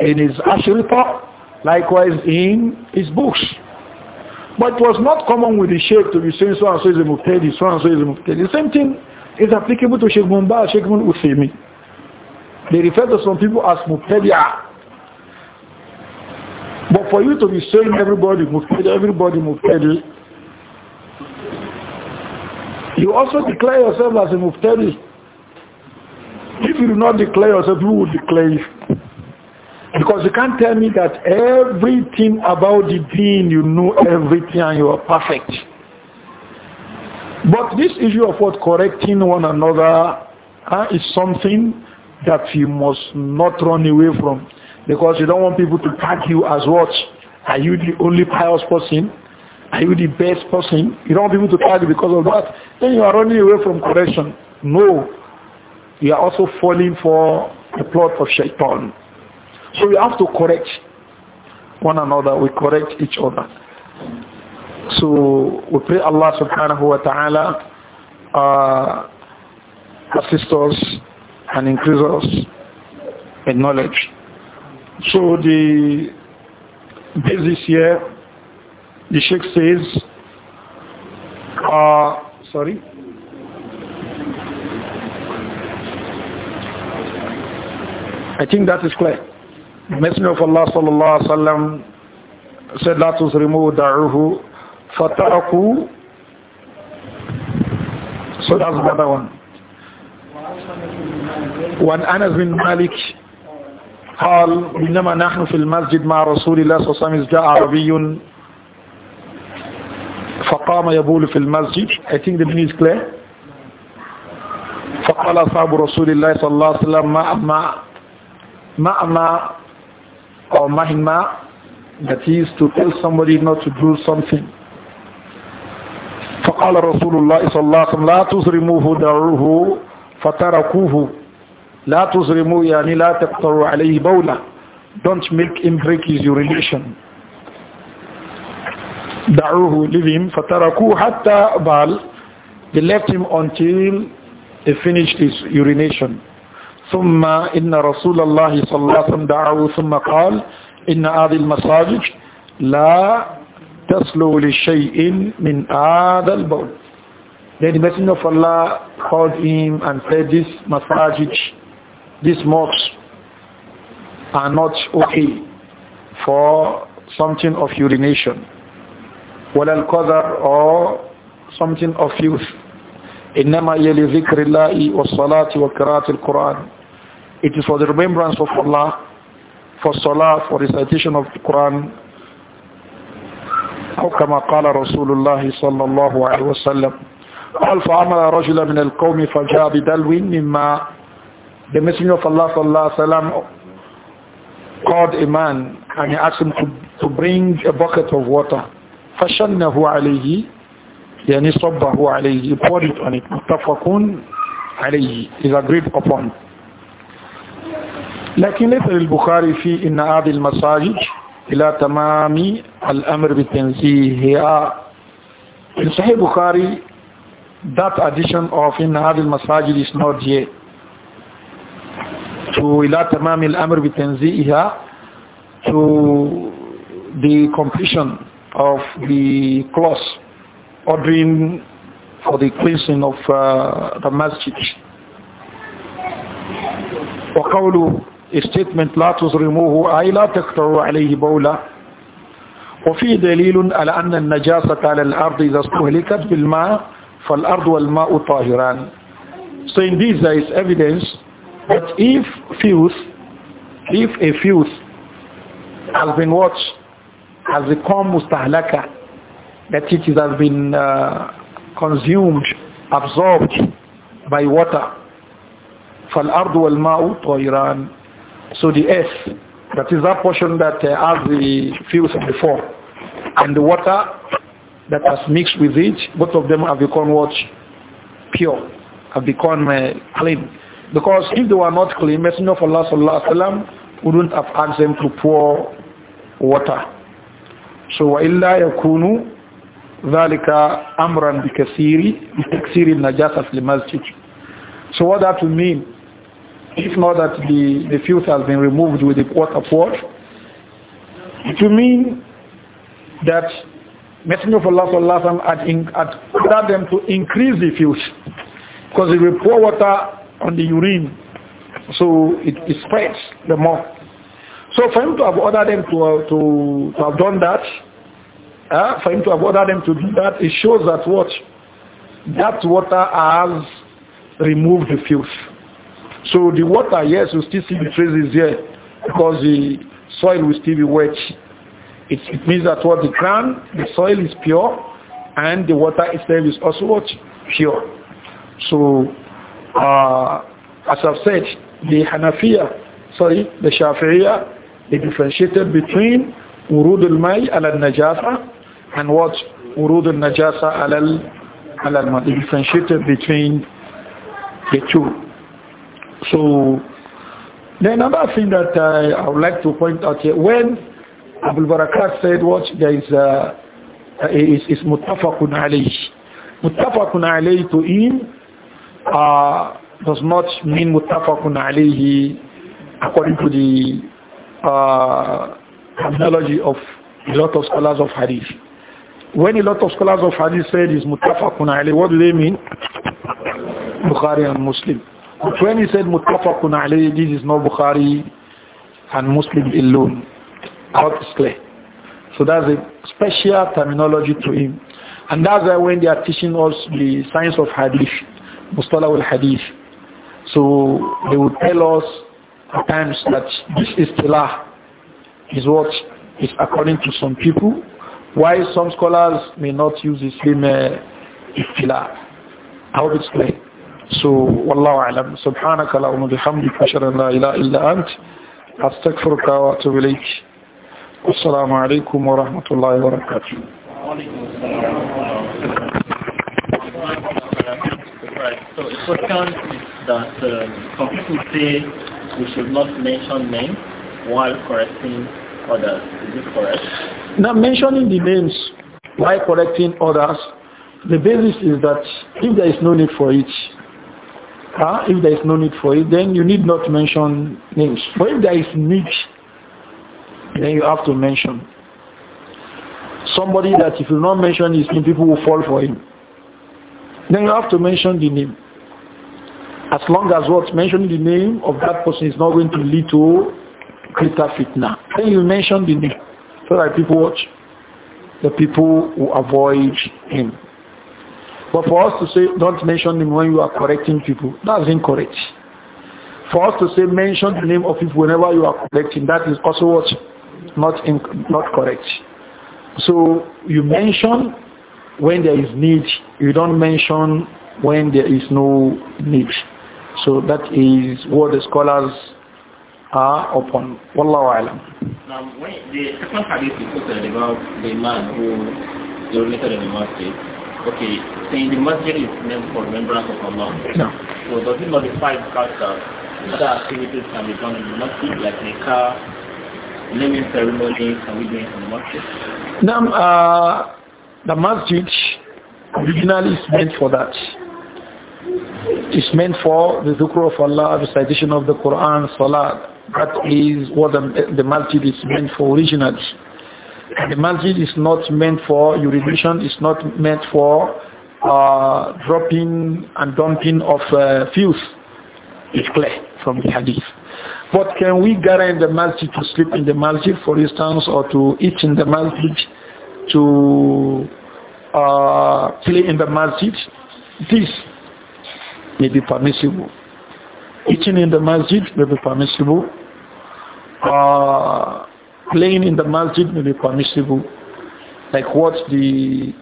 in his Ashrita, likewise in his books. But it was not common with the Sheikh to be saying so and so is a Muqtadi, so and so is a Muqtadi. The same thing is applicable to Sheikh Mumba, Sheikh Mun They refer to some people as Muqtadi'ah. But for you to be saying everybody Muqtadi, everybody Muqtadi, you also declare yourself as a Muqtadi. If you do not declare yourself, who will declare you? Because you can't tell me that everything about the being, you know everything and you are perfect. But this issue of what correcting one another uh, is something that you must not run away from because you don't want people to tag you as what? Are you the only pious person? Are you the best person? You don't want people to tag you because of that. Then you are running away from correction. No. We are also falling for the plot of shaitan. So we have to correct one another, we correct each other. So we pray Allah subhanahu wa ta'ala uh, assist us and increase us in knowledge. So the basis here, the Sheikh says, uh, sorry? I think that is clear. The Messenger of Allah sallallahu alaihi wasallam said, "La tuzrimu da'uhu fata'aku." So that's another one. One Anas bin Malik قال إنما نحن في المسجد مع رسول الله صلى الله عليه وسلم جاء عربي فقام يبول في المسجد I think the meaning is clear فقال أصحاب رسول الله صلى الله عليه وسلم ما ma'ama or mahima that is to tell somebody not to do something فقال رسول الله صلى الله عليه وسلم لا تزرموه دعوه فتركوه لا تزرموه يعني لا تقطروا عليه بولا don't make him break his relation دعوه leave him فتركوه حتى بال they left him until he finished his urination ثم إن رسول الله صلى الله عليه وسلم دعاه ثم قال إن هذه المساجد لا تسلو لشيء من هذا البول Then the Messenger of Allah called him and said, this masajid, this mosque are not okay for something of urination. وَلَا الْقَذَرْ or something of youth. إنما هي لذكر الله والصلاة وقراءة القرآن It is for the remembrance of Allah, for salah, for recitation of the Quran. أو كما قال رسول الله صلى الله عليه وسلم قال فعمل رجلا من القوم فجاء بدلو مما The Messenger of Allah صلى الله عليه وسلم called a man and he asked him to, to bring a bucket of water. فشنه عليه يعني صبه عليه poured it on it متفق عليه is agreed upon. لكن ليس للبخاري في إن هذه المساجد إلى تمام الأمر بالتنزيه في صحيح البخاري that addition of إن هذه المساجد is not yet to إلى تمام الأمر بتنزيهها to the completion of the clause ordering for the cleansing of uh, the وقوله statement لا تظلموه أي لا تقطعوا عليه بولا وفي دليل على أن النجاسة على الأرض إذا استهلكت بالماء فالأرض والماء طاهران So in this there is evidence that if filth, if a filth has been watched, has become mustahlaka, that it has been uh, consumed, absorbed by water, فالأرض والماء طاهران So the earth, that is that portion that uh, has the fields before, and the water that has mixed with it, both of them have become what? Pure, have become uh, clean. Because if they were not clean, Messenger of Allah sallallahu alaihi wasallam wouldn't have asked them to pour water. So وَإِلَّا يَكُونُ ذَلِكَ أَمْرًا بِكَثِيرِ بِتَكْثِيرِ النَّجَاسَةِ لِمَسْجِدِ So what that will mean if not that the, the filth has been removed with the water poured, water, to mean that Messenger of Allah sallallahu had, in, had ordered them to increase the filth because if you pour water on the urine so it, it spreads the more. So for him to have ordered them to, uh, to, to have done that, uh, for him to have ordered them to do that, it shows that what? That water has removed the filth. So the water, yes, you still see the traces there because the soil will still be wet. It, it means that what the ground, the soil is pure and the water itself is also what? Pure. So, uh, as I've said, the Hanafiya, sorry, the Shafi'iyya, they differentiated between urud al-mai al-najasa and what urud al-najasa al-al-ma. They differentiated between the two. So, the another thing that I would like to point out here, when Abu Barakat said what there is, uh, uh is, is mutafakun alayh. Mutafakun to him uh, does not mean mutafakun alayhi according to the uh, terminology of a lot of scholars of hadith. When a lot of scholars of hadith said is mutafakun alayh, what do they mean? Bukhari and Muslim when he said muttafaqun alayhi, this is not Bukhari and Muslim alone. How to clear. So that's a special terminology to him. And that's why when they are teaching us the science of hadith, mustalah al-hadith, so they will tell us at times that this is istilah is what is according to some people, why some scholars may not use the same uh, istilah. I hope it's clear. So, Wallahu alam. Subhanaka lahum bihamdik. Ashar la ilaha illa ant. Astaghfiruka wa atubu ilayk. Assalamu alaikum wa rahmatullahi wa barakatuh. Right. So the first one is that um, some people say we should not mention names while correcting others. Is it correct? Now mentioning the names while correcting others, the basis is that if there is no need for it, Huh? If there is no need for it, then you need not mention names. But if there is need, then you have to mention. Somebody that if you not mention his name, people will fall for him. Then you have to mention the name. As long as what mentioning the name of that person is not going to lead to greater fitna. Then you mention the name so that people watch. The people will avoid him. But for us to say, don't mention him when you are correcting people, that's incorrect. For us to say, mention the name of people whenever you are correcting, that is also what? Not, in, not correct. So you mention when there is need, you don't mention when there is no need. So that is what the scholars are upon. Wallahu alam. Now when the second hadith is quoted about the man who urinated in the mosque, Okay, So, the masjid is named for members of Allah. No. So does it modify the that other activities can be done in the masjid, like nikah, naming ceremony, can we do it in the masjid? Now, uh, the masjid originally is meant for that. It's meant for the dhikr of Allah, recitation of the Quran, salah. That is what the, the masjid is meant for originally. The masjid is not meant for urination, it's not meant for uh, dropping and dumping of uh, fuels. It's clear from the hadith. But can we guarantee the masjid to sleep in the masjid, for instance, or to eat in the masjid, to uh, play in the masjid? This may be permissible. Eating in the masjid may be permissible. Uh, playing in the masjid may be permissible, like what the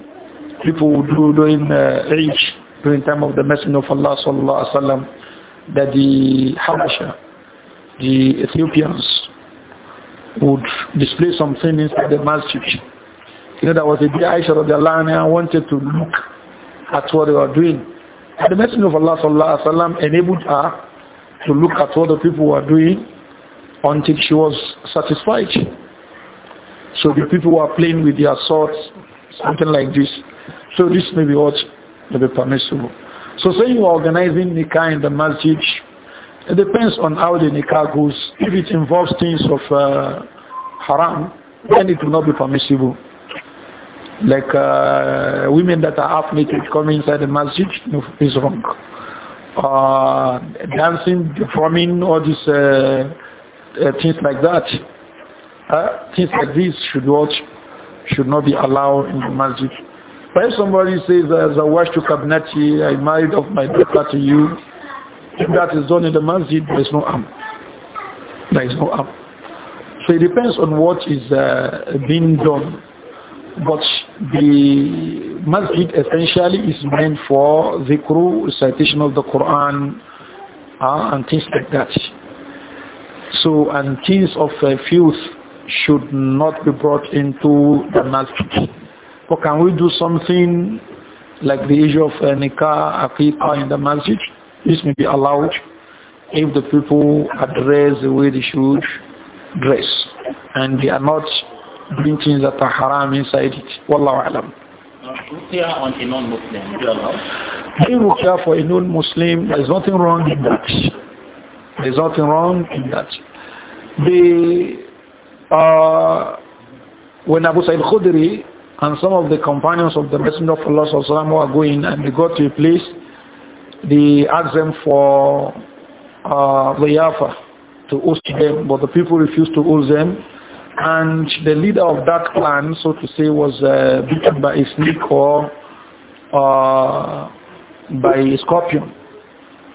people would do during uh, age, during time of the Messenger of Allah sallallahu alaihi wasallam, that the Habasha, the Ethiopians, would display something inside the masjid. You know, there was a day Aisha of the Allah and I wanted to look at what they were doing. And the Messenger of Allah sallallahu alaihi wasallam enabled her to look at what the people were doing until she was satisfied. So the people were playing with their swords, something like this. So this may be what may be permissible. So saying you are organizing nikah in the masjid, it depends on how the nikah goes. If it involves things of uh, haram, then it will not be permissible. Like uh, women that are half naked coming inside the masjid is wrong. Uh, dancing, performing all this uh, uh, things like that. Uh, things like this should not should not be allowed in the masjid. But if somebody says, uh, "Zawashtu cabinet, I married off my daughter to you, if that is done in the masjid, there is no harm. There is no harm. So it depends on what is uh, being done. But the masjid essentially is meant for the recitation of the Quran, uh, and things like that. So, and things of uh, filth should not be brought into the masjid. But can we do something like the issue of uh, nikah, aqiqah in the masjid? This may be allowed if the people are dressed the way they should dress. And they are not doing things that are haram inside it. Wallahu alam. Rukia on a non-Muslim, do you allow? If for a non-Muslim, there is nothing wrong in that. There's nothing wrong in that. The, uh, when Abu Sa'id Khudri and some of the companions of the Messenger of Allah were going and they got to a place, they asked them for uh, yafa to host them, but the people refused to host them. And the leader of that clan, so to say, was uh, beaten by a snake or uh, by a scorpion.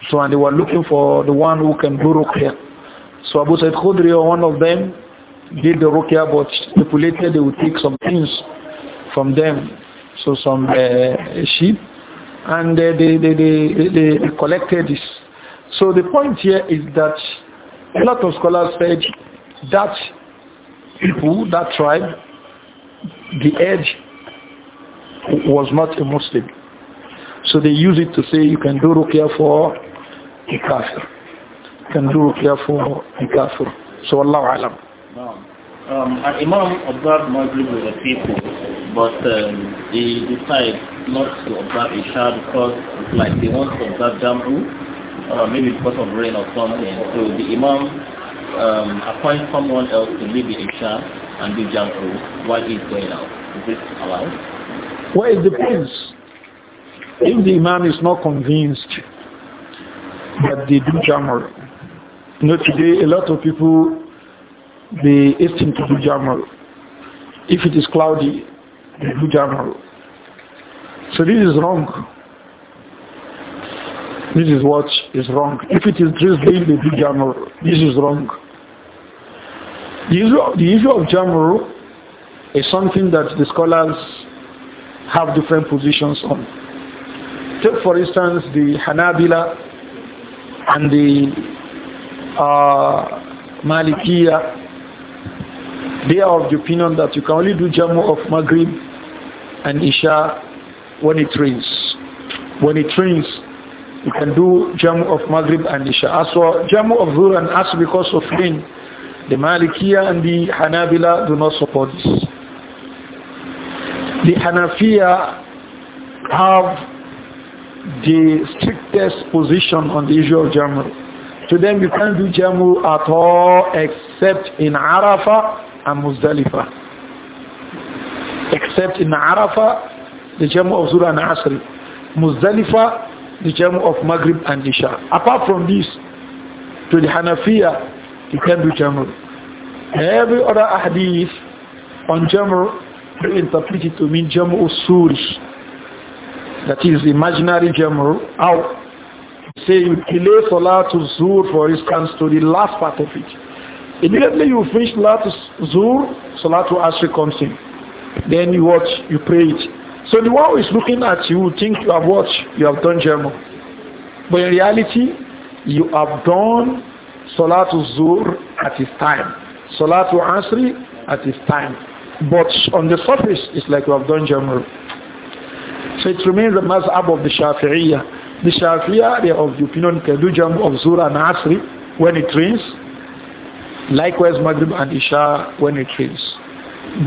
So and they were looking for the one who can do ruqya. So Abu Said Khudri one of them did the ruqya but stipulated they would take some things from them. So some uh, sheep and uh, they, they, they, they collected this. So the point here is that a lot of scholars said that people, that tribe, the edge was not a Muslim. So they use it to say you can do ruqya for a kafir, can do ruqya for a kafir. So No. Um, an imam observed Maghrib with the people, but um, they not to observe Isha because like he wants to observe Jam'u, or uh, maybe because of rain or something. So the imam um, appoints someone else to lead the Isha and do Jam'u while he's going out. Is this allowed? Well, it depends. If the imam is not convinced that they do jamal. You know, today a lot of people, they hasten to do jamal. If it is cloudy, they do jamal. So this is wrong. This is what is wrong. If it is drizzling, they do jamal. This is wrong. The issue, of, the issue of jamal is something that the scholars have different positions on. Take for instance the Hanabila and the uh, Malikiya, they are of the opinion that you can only do Jamu of Maghrib and Isha when it rains. When it rains, you can do Jamu of Maghrib and Isha. As for Jamu of Zuhr and Asr because of rain, the Malikiya and the Hanabila do not support this. The Hanafiya have the strictest position on the issue of Jamu. To them, you can't do Jamu at all except in Arafah and Muzdalifah. Except in Arafah, the Jamu of Zura and Asr. Muzdalifah, the Jamu of Maghrib and Isha. Apart from this, to the Hanafiya, you can do Jamu. Every other hadith on Jamu, you interpret it to mean Jamu Suri that is imaginary jamr out. Say you delay Salatul Zuhr for instance to the last part of it. Immediately you finish Salatul Zuhr, Salatul Asri comes in. Then you watch, you pray it. So the one who is looking at you will think you have watched, you have done jamr. But in reality, you have done Salatul Zuhr at its time. Salatul Asri at its time. But on the surface, it's like you have done jamr. So it remains the mazhab of the Shafi'iyah. The Shafi'iyah, they are of the opinion can of Zura and Asri when it rains. Likewise Maghrib and Isha when it rains.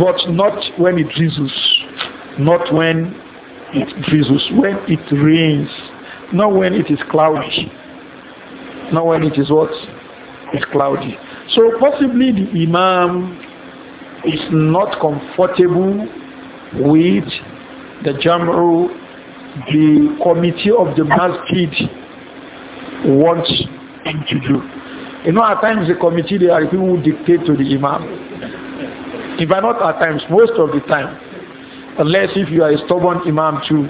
But not when it drizzles. Not when it drizzles. When it rains. Not when it is cloudy. Not when it is what? It's cloudy. So possibly the Imam is not comfortable with the Jamru, the committee of the masjid wants him to do. You know, at times the committee, there are people who dictate to the imam. If I not at times, most of the time. Unless if you are a stubborn imam too,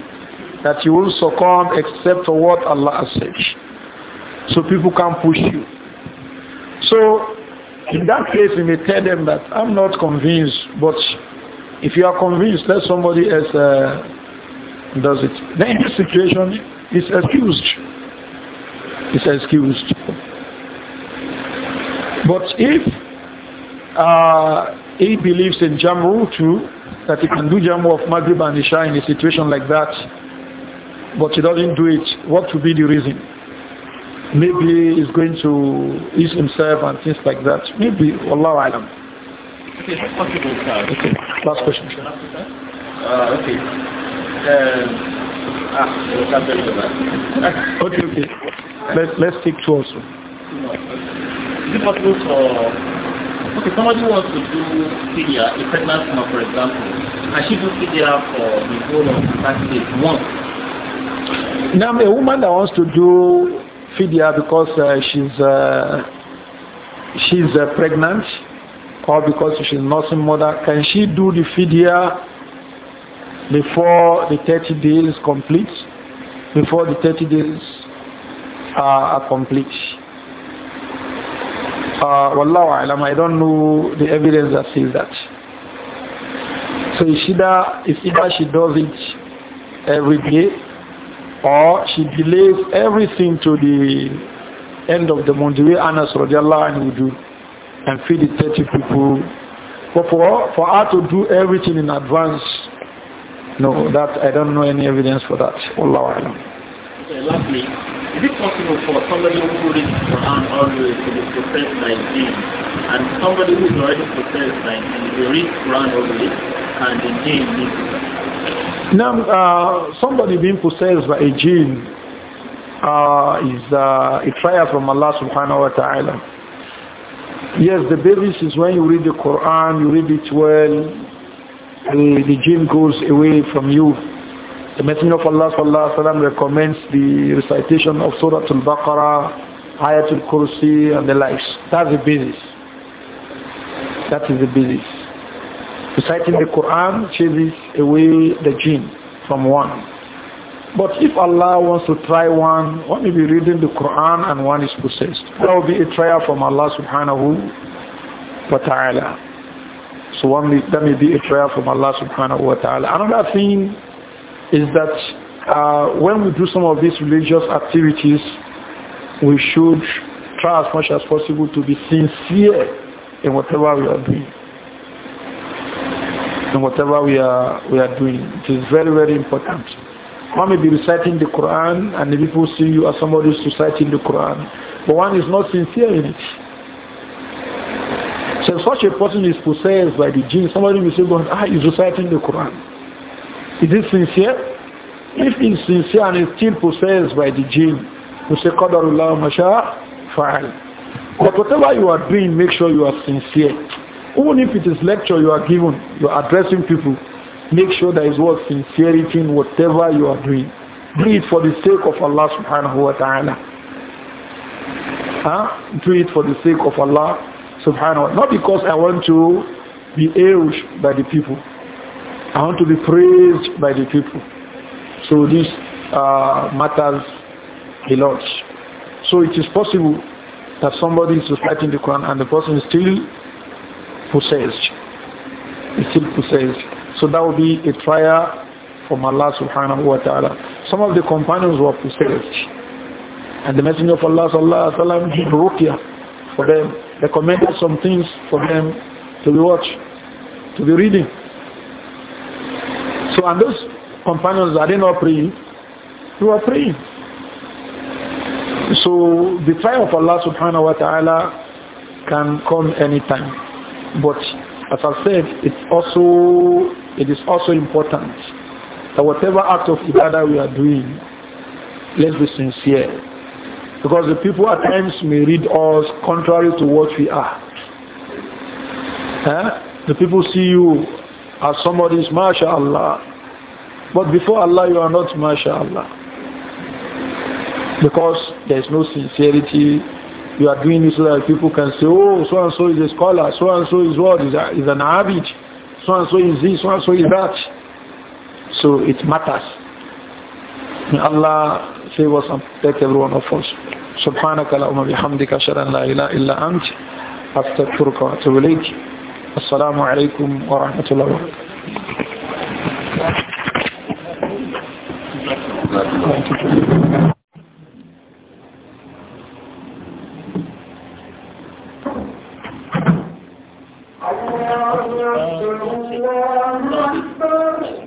that you will succumb except for what Allah says. So people can push you. So in that case, you may tell them that I'm not convinced, but if you are convinced, let somebody else uh, does it. Then the situation is excused. It's excused. But if uh, he believes in Jamru too, that he can do Jamru of Maghrib and Isha in a situation like that, but he doesn't do it, what would be the reason? Maybe he's going to ease himself and things like that. Maybe, Allah Alam. It is possible, sir. Okay. Last question, sir. Uh, okay. Uh, ah, okay, okay. let let's take two also. Is it possible for Okay, somebody wants to do Syria, a pregnant woman, for example, and she do Syria for the whole of that state once. Now, a woman that wants to do fidya because uh, she's uh, she's uh, pregnant, or because she's nursing mother, can she do the here before the 30 days complete? Before the 30 days uh, are complete? Uh, Wallahu alam, I don't know the evidence that says that. So if either, either she does it every day or she delays everything to the end of the month, the way Anas radiallahu anhu do and feed the 30 people. But for, for her to do everything in advance, no, that I don't know any evidence for that. Okay, lastly, is it possible for somebody who reads Quran already to be possessed by jinn, and somebody who is already possessed by jinn, they read Quran already, and the jinn needs Now, uh, somebody being possessed by a jinn uh, is uh, a trial from Allah subhanahu wa ta'ala. Yes, the basis is when you read the Quran, you read it well, the, the jinn goes away from you. The Messenger of Allah sallallahu wa sallam recommends the recitation of Surah Al-Baqarah, Ayatul Kursi and the likes. That's the basis. That is the basis. Reciting the Quran chases away the jinn from one. But if Allah wants to try one, one may be reading the Quran and one is possessed. That will be a trial from Allah subhanahu wa ta'ala. So one may, that may be a trial from Allah subhanahu wa ta'ala. Another thing is that uh, when we do some of these religious activities, we should try as much as possible to be sincere in whatever we are doing. In whatever we are, we are doing. It is very, very important. One may be reciting the Quran and the people see you as somebody who's reciting the Quran. But one is not sincere in it. So such a person is possessed by the jinn. Somebody will say, God, ah, he's reciting the Quran. Is it sincere? If he's sincere and is still possessed by the jinn, we say, Qadarullah masha Fine. But whatever you are doing, make sure you are sincere. Even if it is lecture you are given, you are addressing people, make sure there is what sincerity in whatever you are doing. Do it for the sake of Allah subhanahu wa ta'ala. Huh? Do it for the sake of Allah subhanahu wa ta'ala. Not because I want to be urged by the people. I want to be praised by the people. So this uh, matters a lot. So it is possible that somebody is reciting the Quran and the person is still possessed. Is still possessed. So that will be a trial from Allah subhanahu wa ta'ala. Some of the companions were possessed. And the Messenger of Allah sallallahu alayhi wa sallam did for them, recommended some things for them to be watched, to be reading. So and those companions, are they not praying? They were praying. So the trial of Allah subhanahu wa ta'ala can come anytime. But as I said, it's also it is also important that whatever act of ibadah we are doing, let's be sincere. Because the people at times may read us contrary to what we are. Huh? Eh? The people see you as somebody's mashallah. But before Allah you are not mashallah. Because there is no sincerity. You are doing this so that people can say, oh, so and so is a scholar, so and so is what, is, a, is an avid. so and so is this, so and so is that. So it matters. May Allah save us and protect everyone of us. سبحانك اللهم بحمدك أشهد أن لا إله إلا أنت أستغفرك وأتوب إليك السلام عليكم ورحمة الله وبركاته الله أكبر الله أكبر